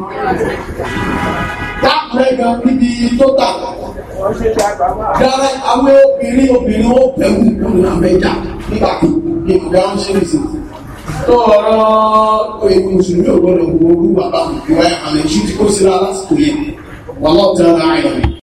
dákùnrin gan níbi tó tà àwọn obìnrin obìnrin ó bẹ̀rù lórí àmẹ́jà nígbà tí ìgbà ń ṣe nìsí tó ọ̀rọ̀ ewu mùsùlùmí ò gbọ́dọ̀ gbogbo olú bàbá ìwà ìhànà ìṣú tí kò sí lásìkò yẹn wọ́n lọ́ọ̀tẹ́ ara rẹ̀